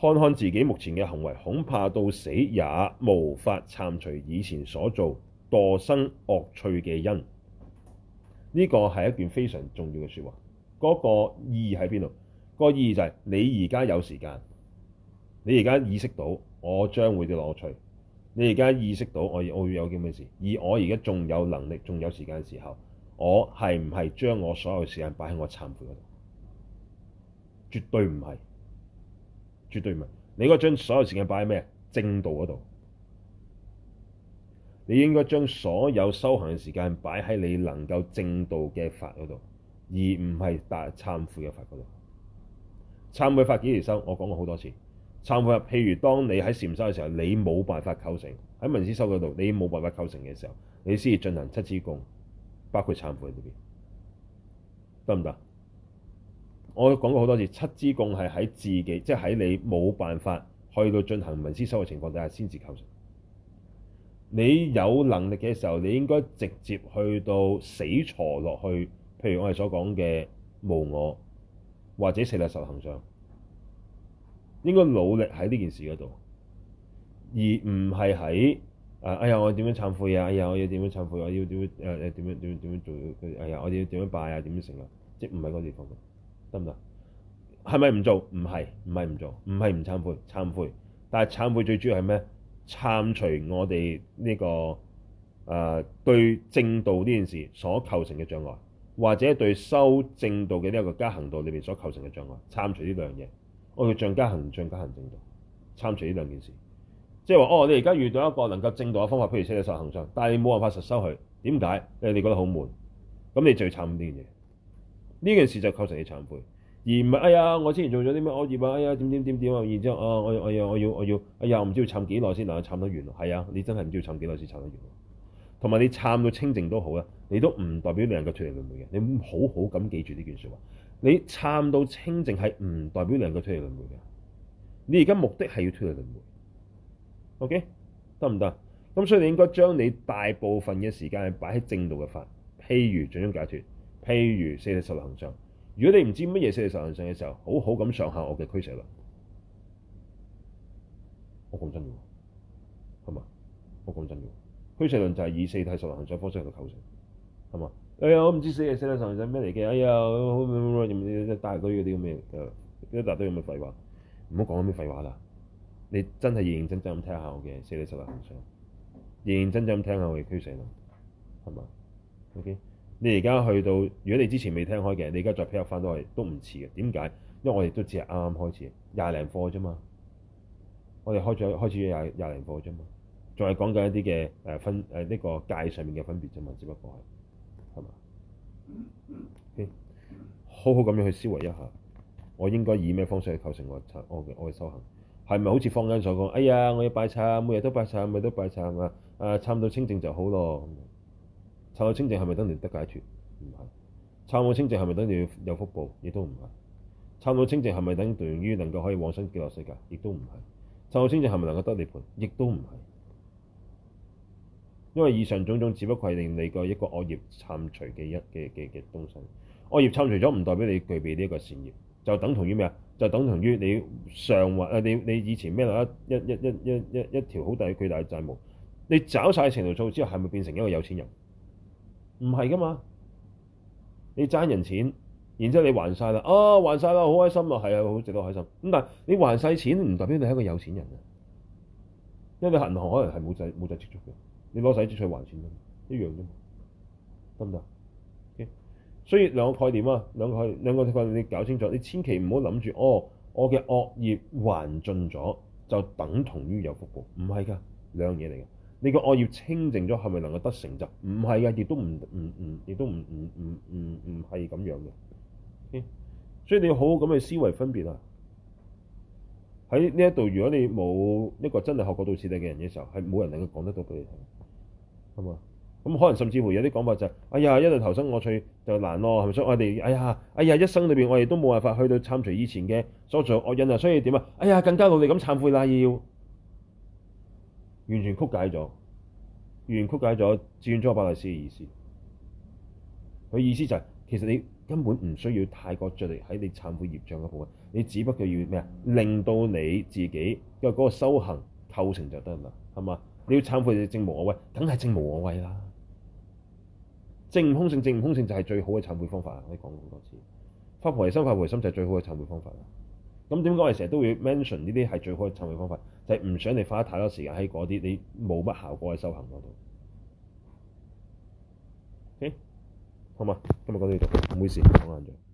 看看自己目前嘅行為，恐怕到死也無法參除以前所做墮生惡趣嘅因。呢個係一段非常重要嘅說話。嗰、那個意義喺邊度？嗰、那個意義就係、是、你而家有時間，你而家意識到我將會嘅樂趣。你而家意識到我會我要有啲咩事，而我而家仲有能力，仲有時間嘅時候，我係唔係將我，所有，我所有時間擺喺我懺悔嗰度？絕對唔係，絕對唔係。你應該將所有時間擺喺咩正道嗰度？你應該將所有修行嘅時間擺喺你能夠正道嘅法嗰度，而唔係擺懺悔嘅法嗰度。懺悔法幾時修？我講過好多次。懺悔，譬如當你喺禪修嘅時候，你冇辦法構成喺聞思修嘅度，你冇辦法構成嘅時候，你先至進行七支供，包括懺悔裏邊，得唔得？我講過好多次，七支供係喺自己，即係喺你冇辦法去到進行聞思修嘅情況底下先至構成。你有能力嘅時候，你應該直接去到死坐落去，譬如我哋所講嘅無我或者四諦十六行相。應該努力喺呢件事嗰度，而唔係喺啊！哎呀，我點樣懺悔啊！哎呀，我要點樣懺悔？我要點樣誒誒點樣點樣點樣做？哎呀，我要點樣拜啊？點樣成啊？即唔係嗰地方？得唔得？係咪唔做？唔係唔係唔做？唔係唔懺悔？懺悔，但係懺悔最主要係咩？懺除我哋呢、這個誒、呃、對正道呢件事所構成嘅障礙，或者對修正道嘅呢一個加行道裏邊所構成嘅障礙，懺除呢兩樣嘢。我要增加行，增加行正道，懺除呢兩件事，即係話哦，你而家遇到一個能夠正道嘅方法，譬如寫實行善，但係你冇辦法實修佢，點解？因為你覺得好悶，咁你就要懺呢件嘢。呢件事就構成你懺悔，而唔係哎呀，我之前做咗啲咩惡業啊，哎呀點點點點啊，然之後啊、哦哎，我我要我要我要，哎呀唔知要懺幾耐先，嗱懺得完咯，係啊，你真係唔知要懺幾耐先懺得完。同埋你懺到清淨都好啊，你都唔代表你能夠脫離滿滿嘅，你，你好好咁記住呢句説話。你參到清淨係唔代表你能夠脫離輪回嘅，你而家目的係要脫離輪回，OK，得唔得？咁所以你應該將你大部分嘅時間係擺喺正道嘅法，譬如最終解脫，譬如四諦十六行相。如果你唔知乜嘢四諦十六行相嘅時候，好好咁上下我嘅俱舍論，我講真嘅，係嘛？我講真嘅，俱舍論就係以四諦十六行相方式嚟到構成，係嘛？哎呀，我唔知四諦四諦行相咩嚟嘅。哎呀，好唔好唔好，大堆嗰啲咁嘅，一大堆咁嘅廢話，唔好講啲廢話啦。你真係認認真真咁聽下我嘅四諦十六行相，認認真真咁聽下我嘅俱舍論，係嘛？OK，你而家去到，如果你之前未聽開嘅，你而家再 pick 翻都係都唔遲嘅。點解？因為我哋都只係啱啱開始，廿零課啫嘛。我哋開咗開始廿廿零課啫嘛，仲係講緊一啲嘅誒分誒呢、呃呢個界上面嘅分別啫嘛，只不過係。Okay. 好好咁樣去思維一下，我應該以咩方式去構成我我嘅我嘅修行，係咪好似方恩所講？哎呀，我要拜懺，每日都拜懺，每日都拜懺啊！啊，懺到清淨就好咯。懺到清淨係咪等於得解脱？唔係。懺到清淨係咪等於有福報？亦都唔係。懺到清淨係咪等於能夠可以往生極樂世界？亦都唔係。懺到清淨係咪能夠得涅盤？亦都唔係。因為以上種種，只不過係令你個一個惡業懺除嘅一嘅嘅嘅東西。惡業懺除咗，唔代表你具備呢一個善業，就等同於咩啊？就等同於你尚或啊，你你以前咩啊一一一一一一一條好大嘅巨大嘅債務，你找晒成條數之後，係咪變成一個有錢人？唔係噶嘛，你爭人錢，然之後你還晒啦啊，還晒啦，好開心啊，係啊，好值得開心咁。但係你還晒錢，唔代表你係一個有錢人啊，因為你銀行,行可能係冇債冇債積蓄嘅。你攞晒啲錢還錢啫，一樣啫，得唔得？Okay. 所以兩個概念啊，兩個概念，兩個概念你搞清楚，你千祈唔好諗住哦，我嘅惡業還盡咗就等同於有福報，唔係噶，兩樣嘢嚟噶。你個惡業清淨咗，係咪能夠得成就？唔係嘅，亦都唔唔唔，亦、嗯嗯嗯、都唔唔唔唔唔係咁樣嘅。Okay. 所以你要好好咁去思維分別啊。喺呢一度，如果你冇一個真係學過道次第嘅人嘅時候，係冇人能夠講得到佢哋。咁、嗯、可能甚至乎有啲講法就係、是，哎呀，一路投生惡趣就難咯，係咪？所以我哋，哎呀，哎呀，一生裏邊我哋都冇辦法去到懺除以前嘅所作惡因啊，所以點啊？哎呀，更加努力咁懺悔啦，要完全曲解咗，完全曲解咗，志願咗個白泥師嘅意思。佢意思就係、是，其實你根本唔需要太過着力喺你懺悔業障嗰部分，你只不過要咩啊？令到你自己因為嗰個修行構成就得啦，係嘛？你要懺悔就正無我畏，梗係正無我畏啦。正悟空性，正悟空性就係最好嘅懺悔方法啊。我哋講咁多次，發菩提心、發回心就係最好嘅懺悔方法啊。咁點解我哋成日都會 mention 呢啲係最好嘅懺悔方法，就係、是、唔想你花太多時間喺嗰啲，你冇乜效果嘅修行嗰度。Okay? 好嘛，今日講到呢度，唔好意思，講硬咗。